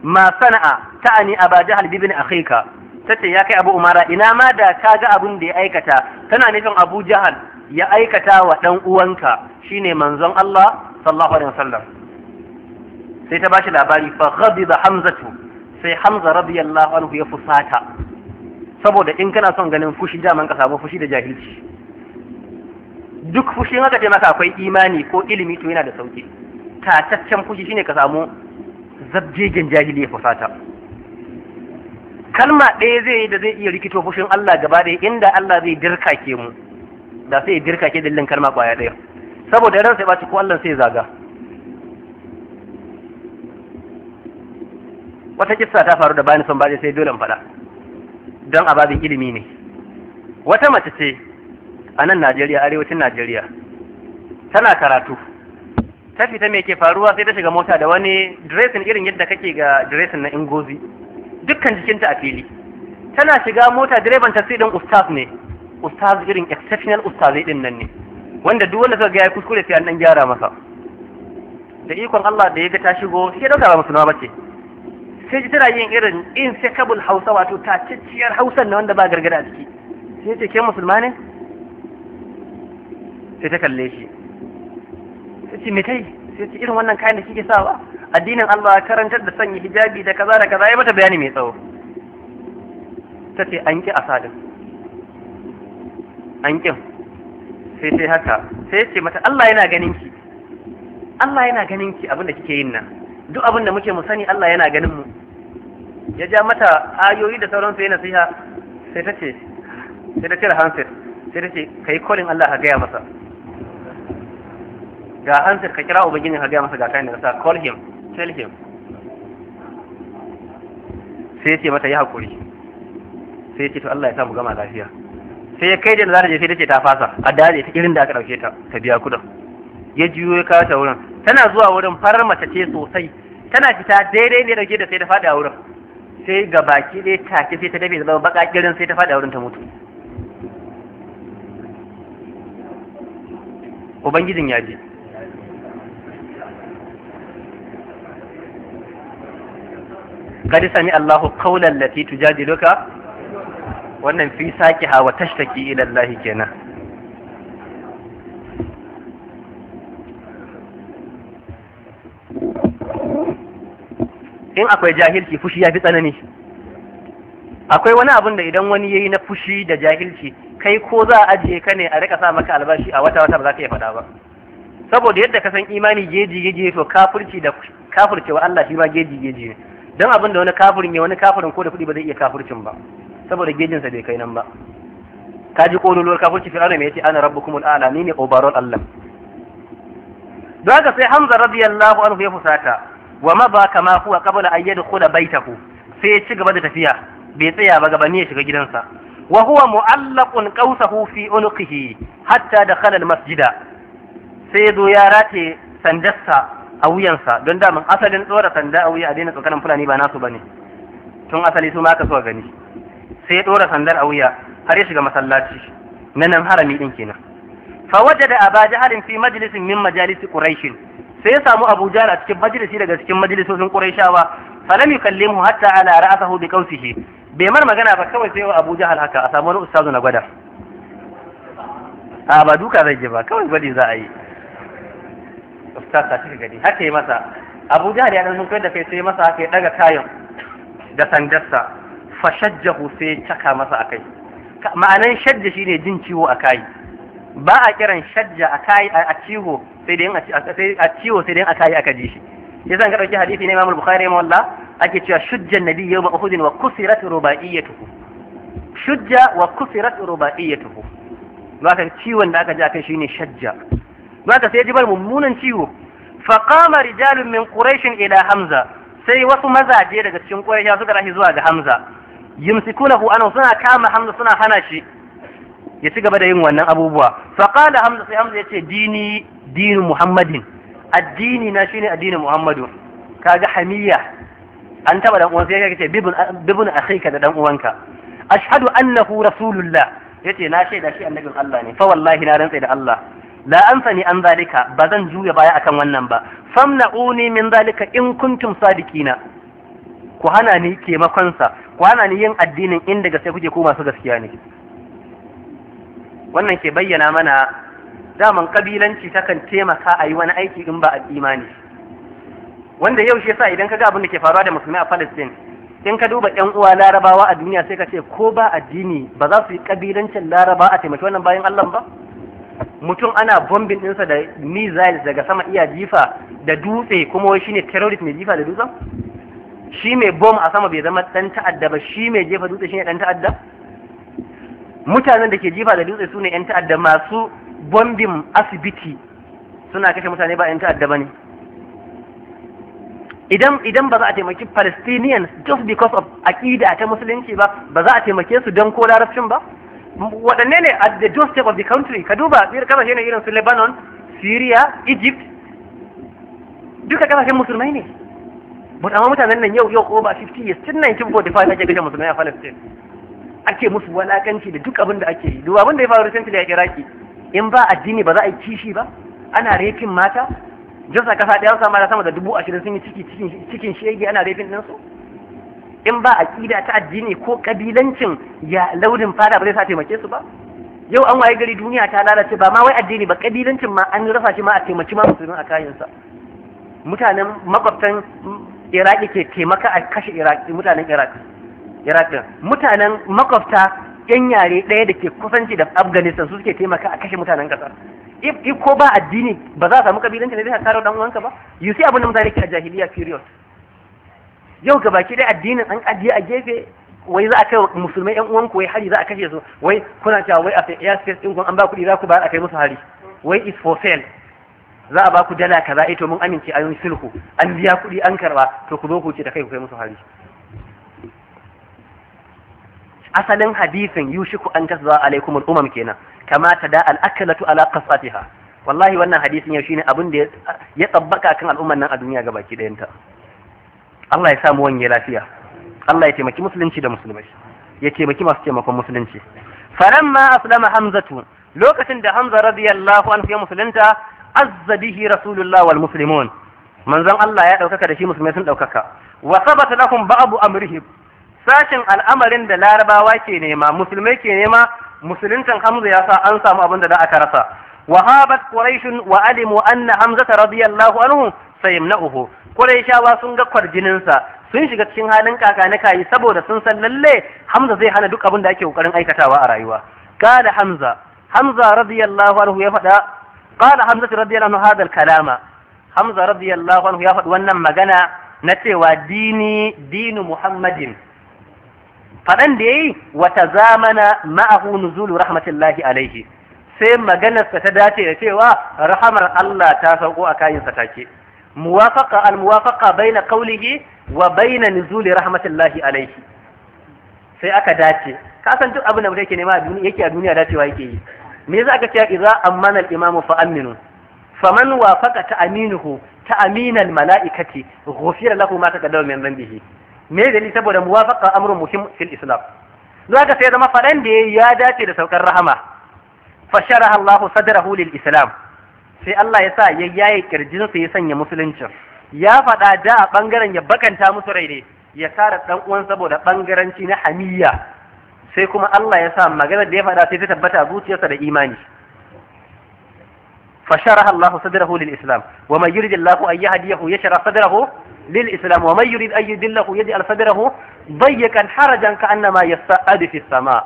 ma sana'a ta'ani aba jahal bibin akhika tace ya kai abu umara ina ma da ka ga da ya aikata tana nufin abu jahal ya aikata wa ɗan uwanka shine manzon Allah sallallahu alaihi wasallam sai ta bashi labari fa ghadiba hamzatu sai hamza radiyallahu anhu ya fusata saboda in kana son ganin fushi daman ka samu fushi da jahilci duk fushi in aka ce maka akwai imani ko ilimi to yana da sauki tataccen fushi shine ka samu zabjegen jahili ya fusata kalma ɗaya zai yi da zai iya rikito fushin Allah gaba ɗaya inda Allah zai dirka ke mu da sai ya dirka ke dillin kalma kwaya ɗaya saboda ran sai ba ko Allah sai zaga wata kissa ta faru da bani son baje sai dole faɗa don a babin ilimi ne wata mace ce a nan Najeriya arewacin Najeriya tana karatu ta fita mai ke faruwa sai ta shiga mota da wani dressing irin yadda kake ga dressing na ingozi dukkan jikinta a fili tana shiga mota direban taksi ustaz ne ustaz irin exceptional ustazai din nan ne wanda duk wanda suka ga ya kuskure sai an dan gyara masa da ikon Allah da ya ga ta shigo sai dauka ba musulma bace sai ji tana yin irin impeccable Hausa wato ta cicciyar Hausa na wanda ba gargada a ciki sai ce ke musulma ne sai ta kalle shi sai ce me kai sai ce irin wannan kayan da kike sawa addinin Allah karantar da sanya hijabi da kaza da kaza ya mata bayani mai tsawo ta ce an ki asadin an ƙin sai sai haka sai ce mata Allah yana ganin ki Allah yana ganin ki abinda kike yin nan duk abinda muke mu sani Allah yana ganin mu ya ja mata ayoyi da sauran sai yana siha sai ta ce sai ta cire hansir sai ta ce ka yi kolin Allah ka gaya masa ga hansir ka kira ubangijin ka gaya masa ga kayan da sa call him tell him sai ce mata ya haƙuri sai ce to Allah ya samu gama lafiya sai ya kai da za ta je sai ce ta fasa a daje ta irin da aka ɗauke ta ta biya kudin ya jiyo ya kawo ta wurin tana zuwa wurin farar mace ce sosai tana fita daidai ne dauke da sai ta faɗi a wurin sai ga baki ɗaya take sai ta dafe zama baka kirin sai ta faɗi a wurin ta mutu ubangijin ya je قد سمع الله قولا التي تجادلك wannan fi sake hawa tashtaki ila Allah kenan in akwai jahilci fushi ya fi tsanani akwai wani abun da idan wani yayi na fushi da jahilci kai ko za a ajiye ka ne a rika sa maka albashi a wata wata ba za ka iya faɗa ba saboda yadda ka san imani geji geji to kafirci da wa Allah shi ma geji geji ne don abin da wani kafirin ya wani kafirin ko da kuɗi ba zai iya kafircin ba saboda gejinsa bai kai nan ba ka ji kololuwar kafirci fir'auna mai yace ana rabbukumul al'ala ni ne overall Allah don haka sai Hamza radiyallahu anhu ya fusata wa ma ba kama huwa qabla an yadkhula baitahu sai ya ci gaba da tafiya bai tsaya ba gaba ne ya shiga gidansa wa huwa mu'allaqun qawsahu fi unqihi hatta da al-masjida sai zo ya rataye sandarsa a wuyansa don daman asalin tsora sanda a wuya a daina tsakanin fulani ba nasu ne. tun asali su ma aka so gani sai ya ɗora sandar a wuya har ya shiga masallaci na nan harami ɗin kenan fa wajada aba jahalin fi majalisin min majalisi quraishin sai ya samu abu jahal a cikin majalisi daga cikin majalisosin quraishawa fa lam yukallimu hatta ala ra'sahu bi qawsihi bai mar magana ba kawai sai wa abu jahal haka a samu wani ustazu na gwada a ba duka zai je ba kawai gwadi za a yi ustaz ta cika gadi haka yi masa abu jahal ya dan sun kai da kai sai masa haka ya daga kayan da sandarsa fa sai caka masa akai ma'anan shajja shine jin ciwo a kai ba a kiran shajja a kai a ciwo sai dai a ciwo sai dai a kai aka ji shi yasa ka dauki hadisi na Imam Bukhari ma wallah ake cewa shujjan nabi ba uhud wa kusirat rubaiyatuhu shujja wa kusirat rubaiyatuhu ka ciwon da aka ji akai shine shajja ka sai ji bar mummunan ciwo fa qama rijalun min quraish ila hamza sai wasu mazaje daga cikin quraish suka rashi zuwa ga hamza yumsikunahu anhu suna kama hamza suna hana shi ya ci gaba da yin wannan abubuwa fa qala hamza sai hamza yace dini dinu muhammadin addini na shine addinin muhammadu kaga hamiya an taba dan uwansa yake ce bibun bibun akhika da dan uwanka ashhadu annahu rasulullah yace na shaida shi annabin Allah ne fa wallahi na rantsa da Allah la ansani an zalika ba juya baya akan wannan ba famna'uni min zalika in kuntum sadikina ku hana ni taimakonsa ku hana ni yin addinin inda sai kuke ko masu gaskiya ne wannan ke bayyana mana daman kabilanci takan taimaka a yi wani aiki in ba a imani wanda yau shi yasa idan ka ga abin da ke faruwa da musulmi a Palestine in ka duba 'yan uwa larabawa a duniya sai ka ce ko ba addini ba za su yi kabilancin laraba a taimaki wannan bayan Allah ba mutum ana bombin ɗinsa da missiles daga sama iya jifa da dutse kuma wai shine terrorist mai jifa da dutsen shi mai bom a sama bai zama dan ta'adda ba shi mai jefa dutse shi ne dan ta'adda mutanen da ke jefa da dutse su ne yan ta'adda masu bombin asibiti suna kashe mutane ba yan ta'adda ba ne idan idan ba za a taimaki palestinians just because of aƙida ta musulunci ba ba za a taimake su don ko larabcin ba waɗanne ne at the doorstep of the country ka duba kasashe ne irin su lebanon syria egypt duka kasashen musulmai ne but amma mutanen nan yau yau ko ba 50 years tun 1945 ake gajen musulmai a Palestine ake musu walakanci da duk abin da ake yi duk abin da ya faru recently a Iraki in ba addini ba za a yi kishi ba ana refin mata jinsa kasa ɗaya sama da sama da dubu ashirin sun yi ciki cikin shege ana refin ɗinsu in ba aƙida ta addini ko ƙabilancin ya launin fada ba zai sa taimake su ba yau an waye gari duniya ta lalace ba ma wai addini ba ƙabilancin ma an rasa shi ma a taimaki ma musulmi a kayansa mutanen makwabtan iraki ke taimaka a kashe iraki mutanen iraki iraki mutanen makwabta yan yare ɗaya da ke kusanci da afghanistan su suke taimaka a kashe mutanen ƙasar if ko ba addini ba za a samu kabilanci da zai karo dan uwanka ba you see abin da mutane ke a jahiliya period yau ga baki dai addinin an ajiye a gefe wai za a kai musulmai yan uwanku wai hari za a kashe su wai kuna cewa wai a airspace din kun an ba kuɗi za ku ba a kai musu hari wai is for sale za a ba ku dala kaza ito eh mun amince a yi sulhu an biya kuɗi an karba to ku zo ku ce da kai ku kai musu hali. asalin hadisin yushiku an tasba alaikum al-umam kenan kama tada al-akalatu ala qasatiha wallahi wannan hadisin yau shine abin da ya tabbaka kan al'umman nan a duniya ga baki ɗayanta Allah ya sa mu wanye lafiya Allah ya taimaki musulunci da musulmai ya taimaki masu taimakon musulunci falamma aslama hamzatu lokacin da hamza radiyallahu anhu ya musulunta azza bihi rasulullah wal muslimun manzon Allah ya daukaka da shi musulmai sun daukaka wa sabata lakum ba'du amrihim sashin al'amarin da larabawa ke nema musulmai ke nema musuluntan hamza ya sa an samu abin da za rasa rasa. wa habat quraish wa alimu anna hamza radiyallahu anhu sayamna'uhu quraishawa sun ga kwarjinin sa sun shiga cikin halin kakani kai saboda sun san lalle hamza zai hana duk abinda da ake kokarin aikatawa a rayuwa kada hamza hamza radiyallahu anhu ya faɗa qala hamza radiyallahu anhu hadha kalama hamza radiyallahu anhu ya faɗi wannan magana na cewa dini dinu muhammadin faɗan da yayi wata zamana ma'ahu nuzulu rahmatullahi alaihi sai maganarsa ta dace da cewa rahamar Allah ta sauko a kayansa take muwafaqa al muwafaqa baina qawlihi wa baina nuzuli rahmatullahi alaihi sai aka dace kasan duk abin da mutum yake a duniya dacewa yake yi me yasa aka ce idza amana al-imam fa aminu faman wafaqa ta aminuhu ta aminal mala'ikati ghufira lahu ma taqaddama min dhanbihi me dalili saboda muwafaqa amrun muhim fil islam don haka sai zama faɗan da ya dace da saukar rahama fasharaha Allahu sadrahu lil islam sai Allah ya sa ya yaye kirjin sa ya sanya musulunci ya faɗa da a bangaren ya bakanta musu rai ne ya kare dan uwan saboda bangaranci na hamiyya sai kuma Allah ya sa magana da ya faɗa sai ta tabbata zuciyarsa da imani Fa Allah lil islam. Wa فشرح الله صدره للإسلام ومن يريد الله أن يهديه يشرح صدره للإسلام ومن يريد أن يدله يجعل صدره ضيقا حرجا كأنما يصعد fi sama.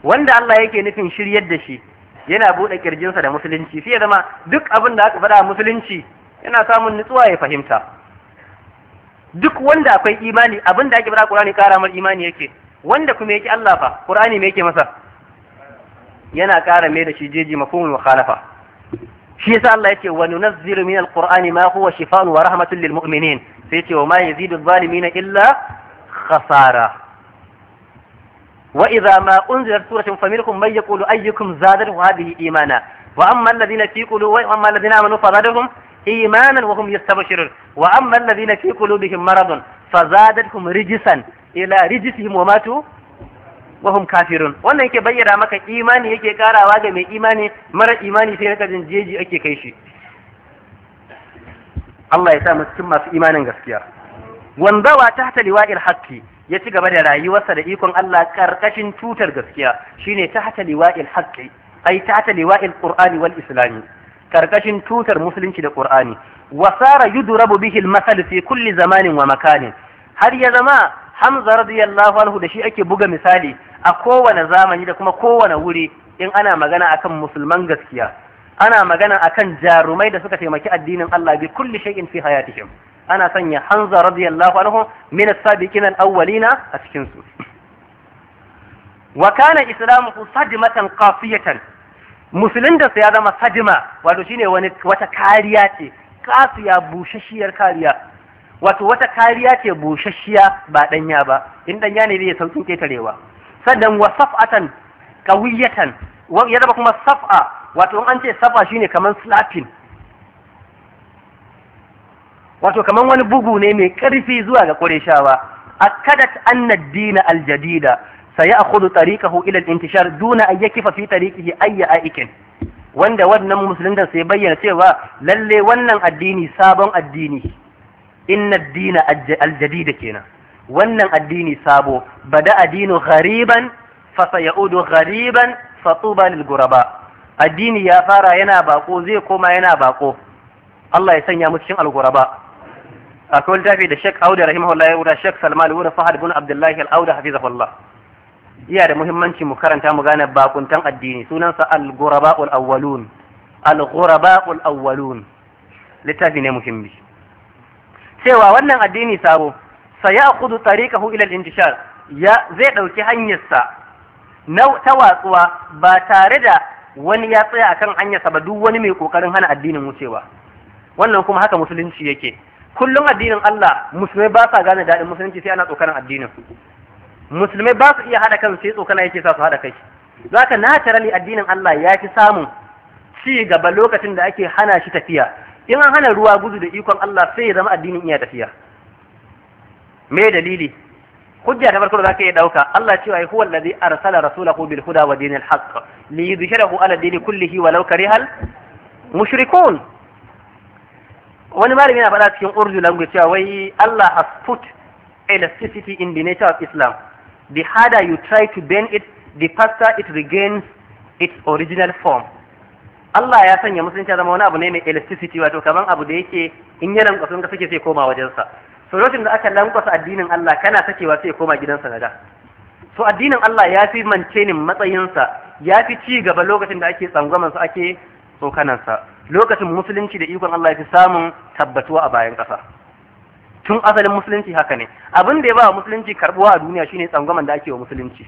wanda Allah yake nufin shiryar da shi yana buɗe kirjinsa da musulunci fiye zama duk abin da aka faɗa musulunci yana samun nutsuwa ya fahimta duk wanda akwai imani abin da ake faɗa Qur'ani ƙara mar imani yake wanda kuma yake Allah fa Qur'ani me yake masa yana ƙara mai da shi jeji mafhumul mukhalafa shi yasa Allah yake wa nunazzilu min alqur'ani ma huwa shifaa'un wa rahmatun lil mu'minin sai yake wa ma yazidu adh-dhalimina illa khasara wa idza ma unzilat suratun faminkum man yaqulu ayyukum zadatu hadhihi imana wa amma alladhina fi qulubi wa amma alladhina amanu fazadahum imanan wa hum yastabshirun wa amma alladhina fi qulubihim maradun fazadatuhum rijsan ila rijisihim wa matu wahum kafirun wannan yake bayyana maka imani yake karawa ga mai imani mara imani sai na jeji ake kai shi Allah ya sa mu cikin masu imanin gaskiya wanzawa tahta liwa'il haqqi ya ci gaba da rayuwarsa da ikon Allah karkashin tutar gaskiya shine tahta liwa'il haqqi ai tahta liwa'il qur'ani wal islami karkashin tutar musulunci da qur'ani wa sara yudrabu bihi al masal fi kulli zamanin wa makanin har ya zama hamza radiyallahu anhu da shi ake buga misali a kowane zamani da kuma kowane wuri in ana magana akan musulman gaskiya ana magana akan jarumai da suka taimaki addinin Allah bi kulli shay'in fi hayatihim ana sanya hamza radiyallahu anhu min as-sabiqin al-awwalina a cikin su wa kana islamu sadmatan qafiyatan musulun da ya zama sadima wato shine wani wata kariya ce kasu bushe shiyar kariya wato wata kariya ce bushashiya ba danya ba in danya ne zai saukin ketarewa sannan wa saf'atan qawiyatan ya zama kuma saf'a wato in an ce saf'a shine kaman slapping wato kaman wani bugu ne mai karfi zuwa ga qurayshawa akadat anna ad-din al-jadida sayakhudhu tariqahu ila al-intishar duna an yakifa fi tariqihi ayya aikin wanda wannan musulmin sai bayyana cewa lalle wannan addini sabon addini inna dina aljadida kenan wannan addini sabo bada addinu ghariban fa sayaudu ghariban fa tuba lil ghuraba addini ya fara yana bako zai koma yana bako Allah ya sanya mu cikin al-ghuraba akwai littafi da Sheikh Auda rahimahullah ya wuda Sheikh Salman wuda Fahad bin Abdullahi al-Auda hafizahullah iya da muhimmanci mu karanta mu gane bakuntan addini sunansa al al awwalun al al awwalun littafi ne muhimmi cewa wannan addini sabo saya tariqahu ila al-intishar ya zai ɗauki hanyarsa na ta watsuwa ba tare da wani ya tsaya akan hanyarsa ba duk wani mai kokarin hana addinin wucewa wannan kuma haka musulunci yake kullum addinin Allah musulmai ba sa gane daɗin musulunci sai ana tsokanin addinin musulmai ba su iya haɗa kansu sai tsokana yake sa su haɗa kai zaka naturally addinin Allah ya fi samun ci gaba lokacin da ake hana shi tafiya in an hana ruwa gudu da ikon Allah sai ya zama addinin iya tafiya me dalili hujja ta farko da zaka iya dauka Allah cewa ai huwa allazi arsala rasulahu bil huda wa dinil haqq li yudhhirahu ala dini kullihi walau karihal mushrikun wani malami yana faɗa cikin urdu language cewa wai Allah has put elasticity in the nature of Islam the harder you try to bend it the faster it regains its original form Allah ya sanya musulunci zama wani abu ne mai elasticity wato kaman abu da yake in ya lankwasu ka sake sai koma wajensa so lokacin da aka lankwasa addinin Allah kana sakewa sai koma gidansa na da so addinin Allah ya fi mantenin matsayinsa ya fi ci gaba lokacin da ake su ake tsokanansa lokacin musulunci da ikon Allah ya fi samun tabbatuwa a bayan kasa tun asalin musulunci haka ne abin da ya ba musulunci karbuwa a duniya shine tsangwaman da ake wa musulunci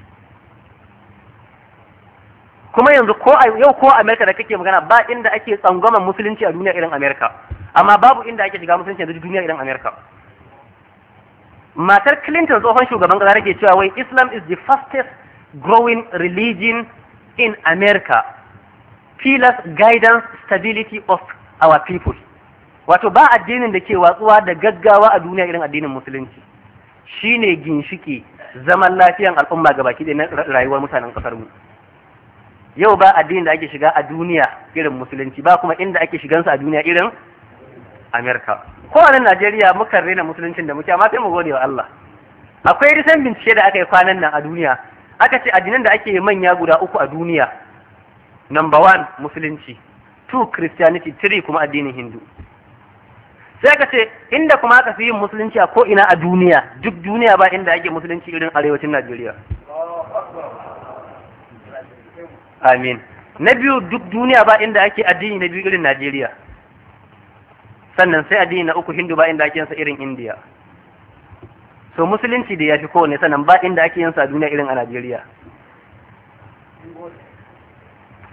kuma yanzu ko yau ko Amerika da kake magana ba inda ake tsangwaman musulunci a duniya irin Amerika amma babu inda ake shiga musulunci a duniya irin Amerika matar Clinton tsohon shugaban kasa take cewa wai Islam is the fastest growing religion in America pillars guidance stability of our people wato ba addinin da ke watsuwa da gaggawa a duniya irin addinin musulunci shine ginshiki zaman lafiyan al'umma gabaki da na rayuwar mutanen kasar mu yau ba addinin da ake shiga a duniya irin musulunci ba kuma inda ake shigansa a duniya irin amerika ko a najeriya muka rena musuluncin da muke amma sai mu gode wa allah akwai risan bincike da aka yi kwanan nan a duniya aka ce addinin da ake manya guda uku a duniya number one musulunci two christianity three kuma addinin hindu sai aka ce inda kuma aka fi yin musulunci a ko ina a duniya duk duniya ba inda ake musulunci irin arewacin najeriya amin na biyu duk duniya ba inda ake addini na biyu irin Najeriya sannan sai addini na uku Hindu ba inda ake yansa irin Indiya so musulunci da ya fi kowane sannan ba inda ake yansa a duniya irin a Najeriya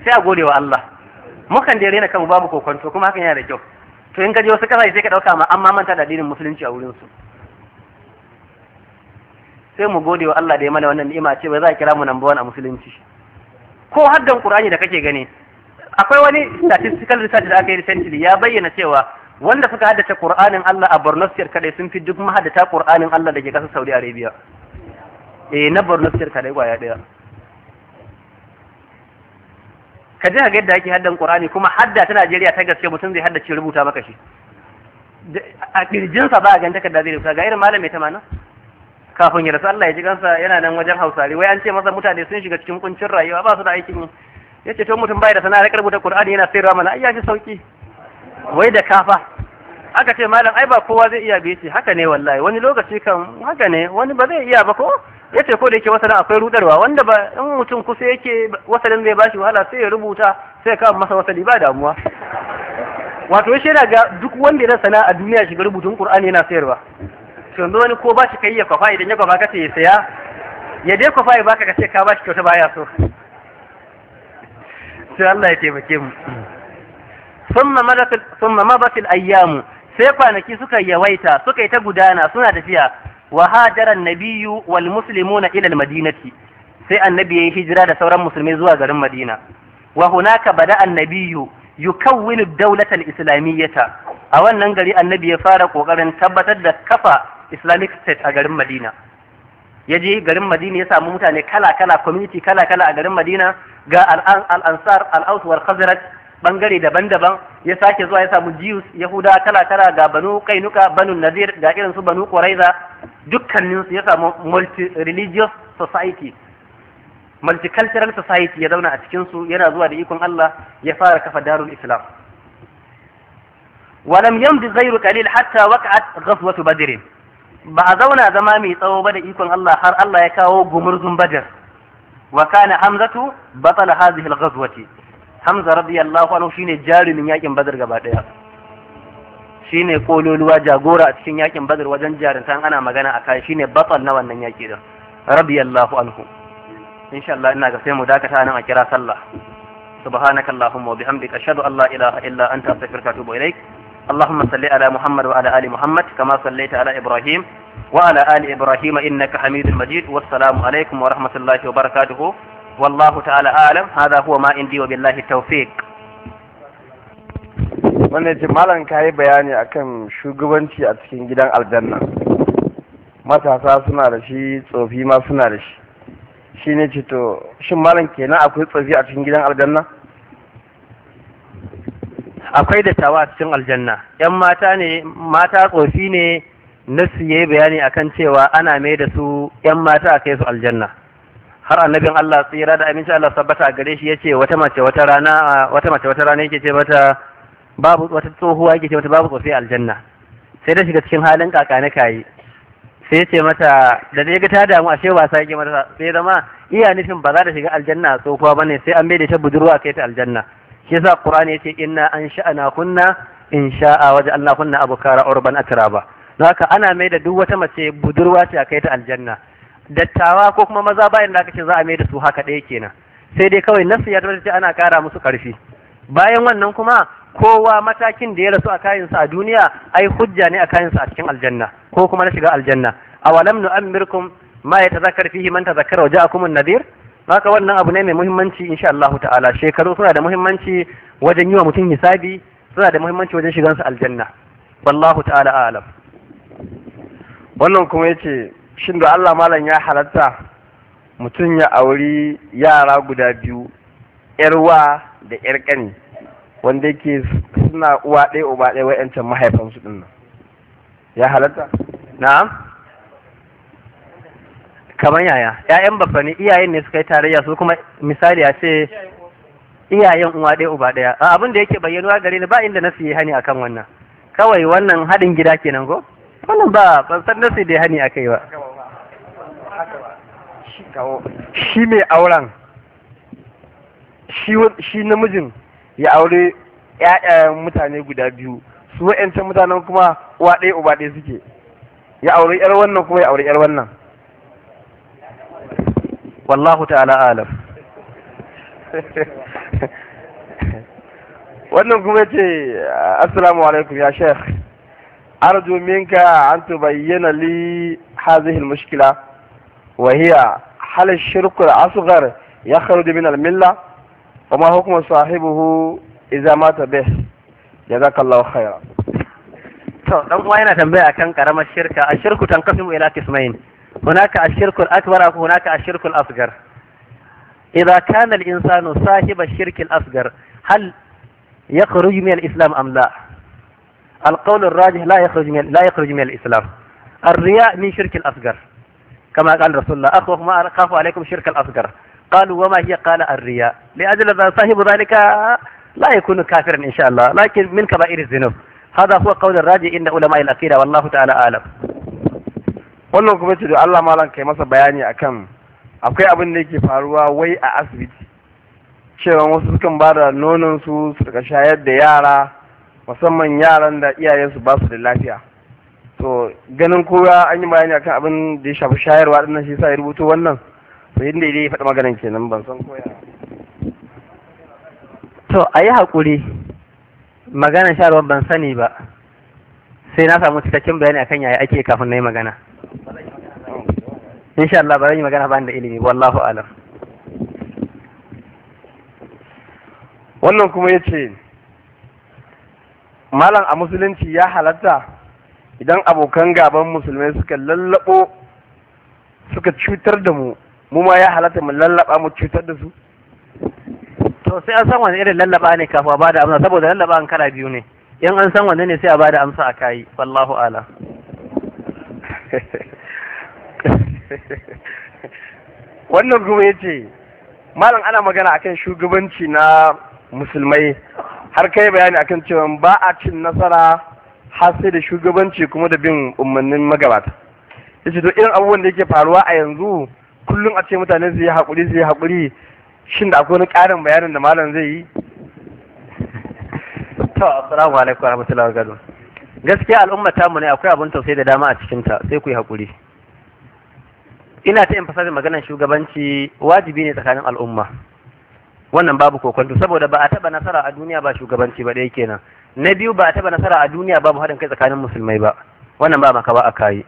sai a gode wa Allah mukan da rena kanmu babu kokonto kuma hakan yana da kyau to in gaje wasu kasashe sai ka dauka ma amma manta da addinin musulunci a wurin su sai mu gode wa Allah da ya mana wannan ni'ima ce ba za a kira mu number 1 a musulunci ko haddan qur'ani da kake gani akwai wani statistical research da aka yi recently ya bayyana cewa wanda suka haddace qur'anin Allah a Borno State kadai sun fi duk mahaddata qur'anin Allah da ke kasar Saudi Arabia eh na Borno State kadai ya daya ka ji ga yadda ake haddan qur'ani kuma hadda ta Najeriya ta gaske mutum zai haddace rubuta maka shi a kirjinsa ba a ganta takarda zai rubuta ga irin malamai ta mana kafin ya rasu Allah ya ji kansa yana nan wajen Hausari, wai an ce masa mutane sun shiga cikin kuncin rayuwa ba su da aikin yi ya ce to mutum bai da sana'ar karbuta Qur'ani yana sayarwa mana ai ya ji sauki wai da kafa aka ce malam ai ba kowa zai iya bici haka ne wallahi wani lokaci kan haka ne wani ba zai iya ba ko ya ce ko da yake wasanin akwai rudarwa wanda ba in mutum kusa yake wasalin zai bashi wahala sai ya rubuta sai ka masa wasali ba damuwa wato shi yana ga duk wanda ya sana'a duniya shiga rubutun Qur'ani yana sayarwa to yanzu wani ko ba shi kai ya kwafa idan ya kwafa kace ya saya ya dai kwafa ba ka kace ka ba shi kyauta baya so sai Allah ya taimake mu thumma madat thumma madat al-ayyam sai kwanaki suka yawaita suka yi ta gudana suna tafiya wa hajara an-nabiyyu wal muslimuna ila al-madinati sai annabi yayin hijira da sauran musulmai zuwa garin Madina wa hunaka bada annabiyyu yukawwinu ad-dawlata al-islamiyyata a wannan gari annabi ya fara kokarin tabbatar da kafa islamic state a garin madina ya je garin madina ya samu mutane kala-kala community kala-kala a garin madina ga al'ansar al'autuwar khazirat bangare daban-daban ya sake zuwa ya samu jews, yahuda kala-kala ga banu kainuka banu nazir ga irin su banu dukkanin dukkaninsu ya samu multi-religious society multicultural society ya zauna a cikinsu yana zuwa da ikon Allah ya fara kafa darul islam ولم يمضي غير قليل حتى وقعت غزوة بدر ba a zauna zama mai tsawo ba da ikon Allah har Allah ya kawo gumurzun badar wa kana hamzatu batal hadhihi alghazwati hamza radiyallahu anhu shine jarumin yakin badar gaba daya shine kololuwa jagora a cikin yakin badar wajen tan ana magana akan shine batal na wannan yaki da radiyallahu anhu insha Allah ina ga sai mu dakata nan a kira sallah subhanakallahumma wa bihamdika ashhadu an la ilaha illa anta astaghfiruka wa atubu ilaik اللهم صل على محمد وعلى آل محمد كما صليت على إبراهيم وعلى آل إبراهيم إنك حميد مجيد والسلام عليكم ورحمة الله وبركاته والله تعالى أعلم هذا هو ما عندي وبالله التوفيق wanda ce malam ka yi bayani akan shugabanci a cikin gidan aljanna matasa suna da shi tsofi ma suna da shi shi ne ce shin malam kenan akwai tsofi a cikin gidan aljanna akwai da tawa cikin aljanna yan mata ne mata tsofi ne nasu yayi bayani akan cewa ana mai da su yan mata a kai su aljanna har annabin Allah tsira da aminci Allah sabbata gare shi yace wata mace wata rana wata mace wata rana yake ce mata babu wata tsohuwa yake ce mata babu tsofi aljanna sai da shiga cikin halin kakane kai sai ce mata da dai ga ta damu ashe sai yake mata sai zama iya nufin ba za ta shiga aljanna a tsohuwa bane sai an bai da ta budurwa kai ta aljanna shi yasa qur'ani yace inna ansha'na kunna insha'a waje Allah kunna abukara urban atraba don haka ana mai da duk wata mace budurwa ce a kai ta aljanna dattawa ko kuma maza bayan da aka za a mai da su haka ɗaya kenan sai dai kawai nasu ya tabbata ana kara musu ƙarfi bayan wannan kuma kowa matakin da ya rasu a kayansa a duniya ai hujja ne a kayansa a cikin aljanna ko kuma na shiga aljanna awalam nu'ammirkum ma yatazakkar fihi man tazakkara wa ja'akumun nadhir haka wannan abu ne mai muhimmanci insha Allah ta'ala shekaru suna da muhimmanci wajen yi wa mutum hisabi suna da muhimmanci wajen shigansa aljanna wallahu ta'ala alam wannan kuma yace shin da Allah malam ya halatta mutum ya auri yara guda biyu yar wa da yar kani wanda yake suna uwa ɗaya uba ɗaya wa'yancan mahaifansu ɗin nan ya halatta na'am kamar yaya ƴaƴan baffa ne iyayen ne suka yi tarayya su kuma misali a ce iyayen uwa ɗaya uba ɗaya a abin da yake bayyanuwa gare ni ba inda na yi hani akan wannan kawai wannan haɗin gida kenan ko wannan ba ban san nasu da hani akai ba shi mai auren shi namijin ya aure 'ya'yan mutane guda biyu su wa'ancan mutanen kuma uwa ɗaya uba ɗaya suke ya aure ƴar wannan kuma ya aure ƴar wannan والله تعالى اعلم وانكم السلام عليكم يا شيخ ارجو منك ان تبين لي هذه المشكله وهي هل الشرك الاصغر يخرج من المله وما حكم صاحبه اذا مات به جزاك الله خيرا. تو دان وانا تنبيه كان كرم الشركه الشرك تنقسم الى قسمين هناك الشرك الأكبر أو هناك الشرك الأصغر إذا كان الإنسان صاحب الشرك الأصغر هل يخرج من الإسلام أم لا القول الراجح لا يخرج من لا يخرج من الإسلام الرياء من شرك الأصغر كما قال رسول الله أخوف ما أخاف عليكم شرك الأصغر قالوا وما هي قال الرياء لأجل صاحب ذلك لا يكون كافرا إن شاء الله لكن من كبائر الذنوب هذا هو قول الراجح إن علماء الأخيرة والله تعالى أعلم wannan kuma ce da Allah malam kai masa bayani akan akwai abin da yake faruwa wai a asibiti cewa wasu sukan ba da nonon su su daga shayar da yara musamman yaran da iyayensu ba su da lafiya to ganin kowa an yi bayani akan abin da ya shafi shayarwa nan shi sa ya rubuto wannan to inda ya faɗi maganan kenan ban san koya to a yi haƙuri maganar shayarwa ban sani ba sai na samu cikakken bayani akan yaya ake kafin na yi magana insha Allah ba zan yi magana ba da ilimi wallahu alam wannan kuma ya ce malam a musulunci ya halatta idan abokan gaban musulmai suka lallabo suka cutar da mu mu ma ya halatta mu lallaba mu cutar da su to sai an san wani irin lallaba ne kafin a bada amsa saboda lallaba an kara biyu ne in an san wanne ne sai a bada amsa a kayi wallahu ala wannan kuma ya ce malam ana magana akan shugabanci na musulmai har kai bayani akan cewa ba a cin nasara har sai da shugabanci kuma da bin umarnin magabata ya ce to irin abubuwan da yake faruwa a yanzu kullum a ce mutane su yi haƙuri su yi haƙuri shin da akwai wani ƙarin bayanin da malam zai yi to assalamu alaikum warahmatullahi wabarakatuh gaskiya al'umma ta mu ne akwai abin tausayi da dama a cikin ta sai ku yi haƙuri ina ta yin fasarin maganar shugabanci wajibi ne tsakanin al'umma wannan babu kokonto saboda ba a taba nasara a duniya ba shugabanci ba ɗaya kenan na biyu ba a taba nasara a duniya babu haɗin kai tsakanin musulmai ba wannan ba ba a kayi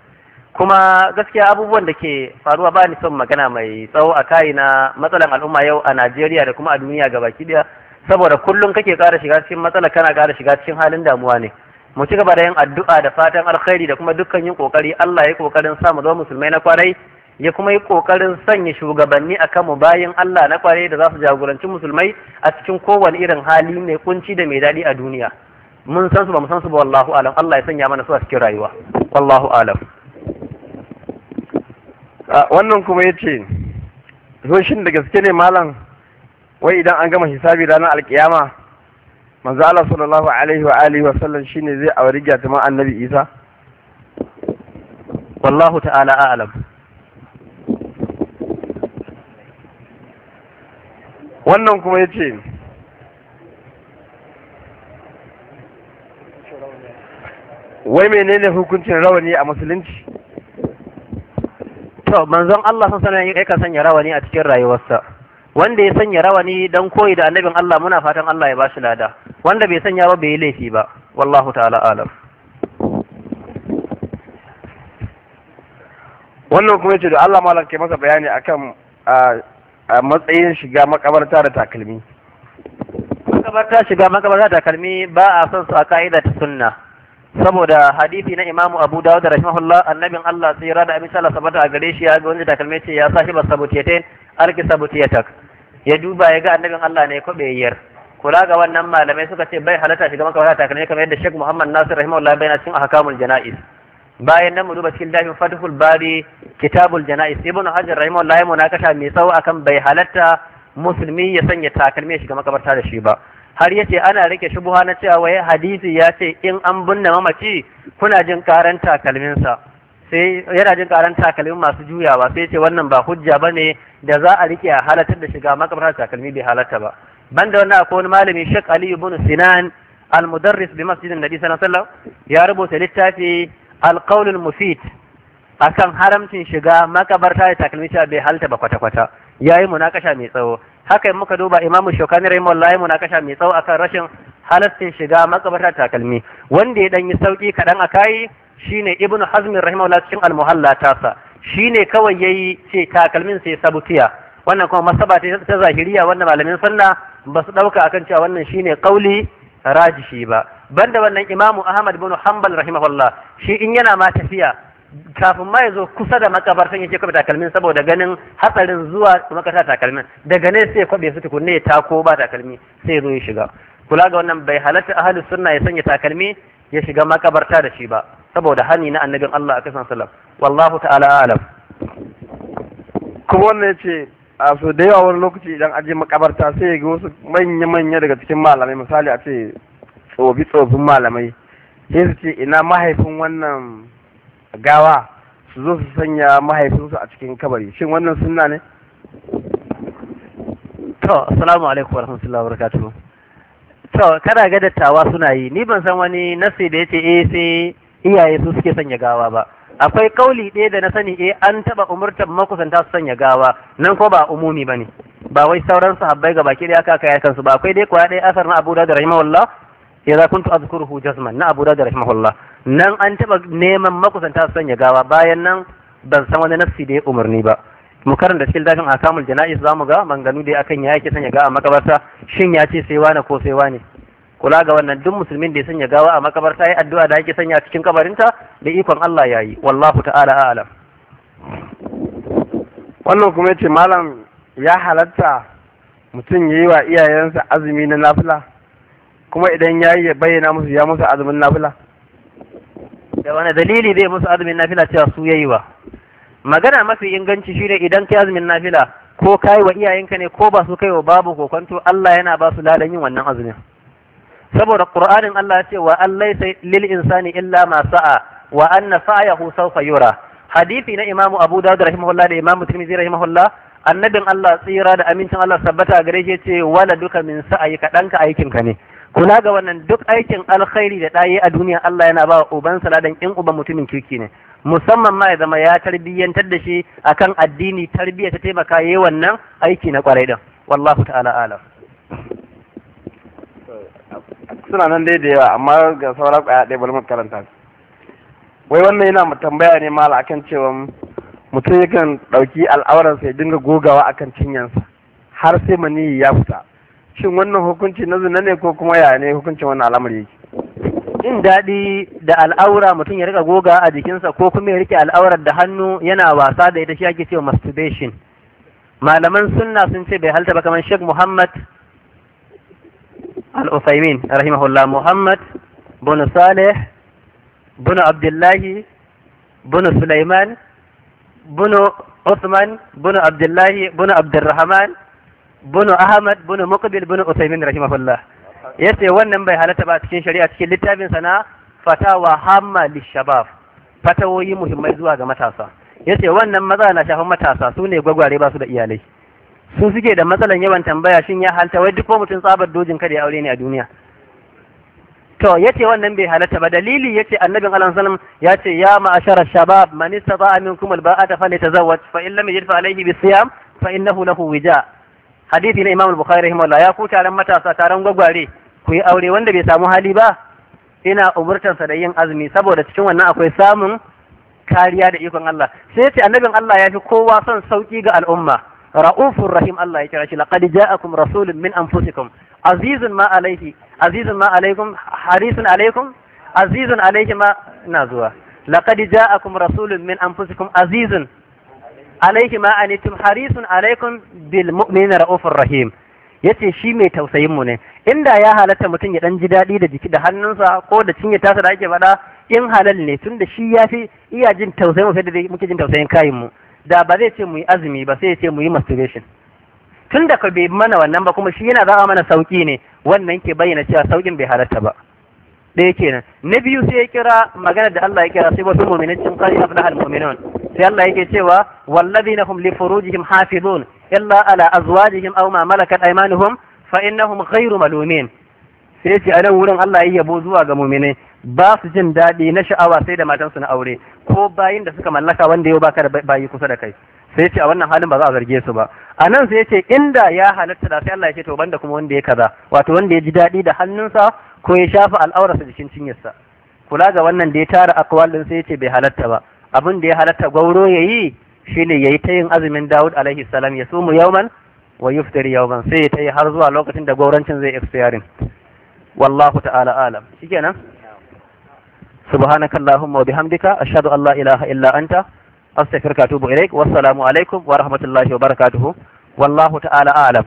kuma gaskiya abubuwan da ke faruwa ba ni son magana mai tsawo a kayi na matsalan al'umma yau a Najeriya da kuma a duniya gabaki daya saboda kullum kake kara shiga cikin matsala kana kara shiga cikin halin damuwa ne mu ci gaba da yin addu'a da fatan alkhairi da kuma dukkan yin kokari Allah ya yi kokarin sa mu zama musulmai na kwarai ya kuma yi kokarin sanya shugabanni a kanmu bayan Allah na kware da za su jagoranci musulmai a cikin kowane irin hali mai kunci da mai daɗi a duniya mun san su ba mu san su ba wallahu alam Allah ya sanya mana su a cikin rayuwa wallahu alam wannan kuma ya ce zoshin da gaske ne malam wai idan an gama hisabi ranar alkiyama manzo Allah sallallahu alaihi wa alihi wa sallam shine zai auri gyatuman annabi Isa wallahu ta'ala a'lam wannan kuma ya ce wai menene hukuncin rawani a musulunci to manzon Allah sun sanar ya sanya rawani a cikin rayuwarsa wanda ya sanya rawani don koyi da annabin Allah muna fatan Allah ya ba shi lada wanda bai sanya ba bai yi laifi ba wallahu ta'ala alam wannan kuma ya ce da Allah malam ke masa bayani akan ah, a matsayin shiga makabarta da takalmi makabarta shiga makabarta da takalmi ba a son su a ka'ida ta sunna saboda hadisi na Imam Abu Dawud da rahimahullah annabin Allah sai rada abin sallah sabata a gare shi ya ga wanda takalmi ce ya sa shi ba sabutiyatain arki sabutiyatak ya duba ya ga annabin Allah ne ko bai yar kula ga wannan malamai suka ce bai halatta shiga makabarta da takalmi kamar yadda Sheikh Muhammad Nasir rahimahullah bai na cikin ahkamul janaiz bayan nan mu duba cikin dafin fatihul bari kitabul jana'is ibnu hajar allah mu nakasha mai tsawo akan bai halatta musulmi ya sanya takalmi ya shiga makabarta da shi ba har yace ana rike shubuha na cewa wai hadisi ya ce in an binne mamaci kuna jin karan takalminsa sai yana jin karan takalmin masu juyawa sai ce wannan ba hujja ba ne da za a rike a halatar da shiga makabarta takalmi bai halatta ba banda wannan akwai wani malami Sheikh Ali ibn Sinan al-mudarris bi masjidin Nabi sallallahu alaihi wasallam ya rubuta littafi alƙaunin mufid akan haramcin shiga makabarta da takalmi cewa bai halta ba kwata-kwata ya yi munakasha mai tsawo haka muka duba imamu shokani rai Allah ya munakasha mai tsawo akan rashin halastin shiga makabarta da takalmi wanda ya ɗanyi sauƙi kaɗan a kayi shine Ibn hazmin rahimahullah cikin almuhalla tasa shine kawai ya yi ce takalmin sai sabutiya wannan kuma masaba ce ta zahiriya wanda malamin sunna ba su ɗauka akan cewa wannan shi shine kauli rajishi ba banda wannan imamu ahmad bin hanbal rahimahullah shi in yana ma tafiya kafin ma ya zo kusa da makabartan yake kwabe takalmin saboda ganin hatsarin zuwa makasa takalmin daga ne sai kwabe su tukunne ya tako ba takalmi sai zo ya shiga kula ga wannan bai halatta ahlus sunna ya sanya takalmi ya shiga makabarta da shi ba saboda hani na annabin Allah a kasan salam wallahu ta'ala alam kuma wannan ce a so da yawa wani lokaci idan aje makabarta sai ya ga wasu manya-manya daga cikin malamai misali a ce tsofi tsofin malamai sai su ce ina mahaifin wannan gawa su zo su sanya mahaifinsu a cikin kabari shin wannan sunna ne to assalamu alaikum warahmatullahi wabarakatuh to kada ga dattawa suna yi ni ban san wani nasi da yace eh sai iyaye su suke sanya gawa ba akwai kauli ɗaya da na sani eh an taba umurtar makusanta su sanya gawa nan ko ba umumi bane ba wai sauran sahabbai ga baki ɗaya aka kai kansu ba akwai dai kwaya ɗaya asar na Abu Dawud rahimahullah za kuntu azkuruhu jazman na Abu Dawud rahimahullah nan an taba neman makusanta sanya gawa bayan nan ban san wani nafsi da ya umarni ba mu karanta cikin dafin akamul za mu ga manganu da akan ya yake sanya gawa a makabarta shin ya ce sai wani ko sai wani kula ga wannan duk musulmin da ya sanya gawa a makabarta ya addu'a da yake sanya cikin kabarinta da ikon Allah yayi wallahu ta'ala a'lam wannan kuma yace malam ya halatta mutum yayi wa iyayensa azumi na nafila kuma idan ya yi bayyana musu ya musu azumin nafila da wani dalili zai musu azumin nafila cewa su ya yi wa magana mafi inganci ne idan kai azumin nafila ko kai wa iyayenka ne ko ba su kai wa babu kokonto Allah yana ba su ladan yin wannan azumin saboda qur'anin Allah ya ce wa allaisa lil insani illa ma sa'a wa anna sa'ahu sawfa yura hadisi na imamu abu daud rahimahullah da imamu tirmidhi rahimahullah annabin Allah tsira da amincin Allah sabbata gare shi ce wala duka min sa'a, ka danka aikin ka ne kula ga wannan duk aikin alkhairi da ɗaye a duniya Allah yana ba ubansa ladan in uban mutumin kirki ne musamman ma ya zama ya tarbiyyantar da shi akan addini tarbiyya ta taimaka yayi wannan aiki na kwarai din wallahu ta'ala alam suna nan dai da yawa amma ga saura kwaya ɗaya bari mu karanta wai wannan yana tambaya ne mala akan cewa mutum yakan ɗauki al'auransa ya dinga gogawa akan cinyansa har sai maniyi ya fita shin wannan hukunci na zina ne ko kuma ya ne hukuncin wannan al'amari yake in daɗi da al'aura mutum ya rika goga a jikinsa ko kuma ya rike al'aurar da hannu yana wasa da ita shi ake cewa masturbation malaman sunna sun ce bai halta ba kamar Sheikh Muhammad al usaimin rahimahullah Muhammad bin Saleh bin Abdullahi bin Sulaiman bin Uthman bin Abdullahi bin Abdurrahman bunu ahmad bunu muqbil bunu usaimin rahimahullah yace wannan bai halatta ba cikin shari'a cikin littafin sana fatawa hamma lishabab fatawoyi muhimmai zuwa ga matasa yace wannan maza na shafin matasa su ne gwagware ba su da iyalai su suke da matsalan yawan tambaya shin ya halta wai duk mutum tsabar dojin kada ya aure ne a duniya to yace wannan bai halatta ba dalili yace annabin Allah sallam ce ya ma'ashara shabab man istata'a minkum alba'ata falyatazawwaj fa in lam yajid fa alayhi bisiyam fa innahu lahu wija hadithi na Imam Bukhari rahimahullah ya kuta ran matasa taron gwagware ku yi aure wanda bai samu hali ba ina umurtansa da yin azumi saboda cikin wannan akwai samun kariya da ikon Allah sai ce annabin Allah ya fi kowa son sauki ga al'umma ra'ufur rahim Allah ya kira shi laqad ja'akum rasulun min anfusikum azizun ma alayhi azizun ma alaykum harisun alaykum azizun alayhi ma ina zuwa laqad ja'akum rasulun min anfusikum azizun alaihi ma anitum harisun alaikum bil mu'minina raufur rahim yace shi mai tausayin mu ne inda ya halatta mutum ya dan ji daɗi da jiki da hannunsa ko da cinye tasa da ake faɗa in halal ne tunda shi ya fi iya jin tausayin mu fiye da muke jin tausayin kayin mu da ba zai ce mu yi azumi ba sai ya ce mu yi masturbation tun da ka bai mana wannan ba kuma shi yana za'a mana sauki ne wannan ke bayyana cewa saukin bai halatta ba ɗaya kenan na biyu sai ya kira magana da Allah ya kira sai wasu mu'minin cin qali muminun sai Allah yake cewa wallazina hum li furujihim hafizun illa ala azwajihim aw ma malakat aymanuhum fa innahum ghayru malumin sai ce a nan wurin Allah ya yabo zuwa ga mu'minai ba su jin daɗi na sha'awa sai da matansu na aure ko bayin da suka mallaka wanda yau baka da bayi kusa da kai sai ce a wannan halin ba za a zarge su ba a nan sai ce inda ya halatta da sai Allah ya ce to banda kuma wanda ya kaza wato wanda ya ji daɗi da hannunsa ko ya shafa al'aurarsa jikin cinyarsa kula ga wannan da ya tara akwalin sai ce bai halatta ba abin da ya halatta gauro ya yi shi ne ya yi ta yin azumin dawud alaihi salam ya sumu yauman wa yuftir yauman sai ya ta yi har zuwa lokacin da gaurancin zai expiring wallahu ta'ala alam shikenan subhanaka allahumma wa bihamdika ashhadu an la ilaha illa anta astaghfiruka wa atubu ilaik wassalamu alaikum wa rahmatullahi wa barakatuhu wallahu ta'ala alam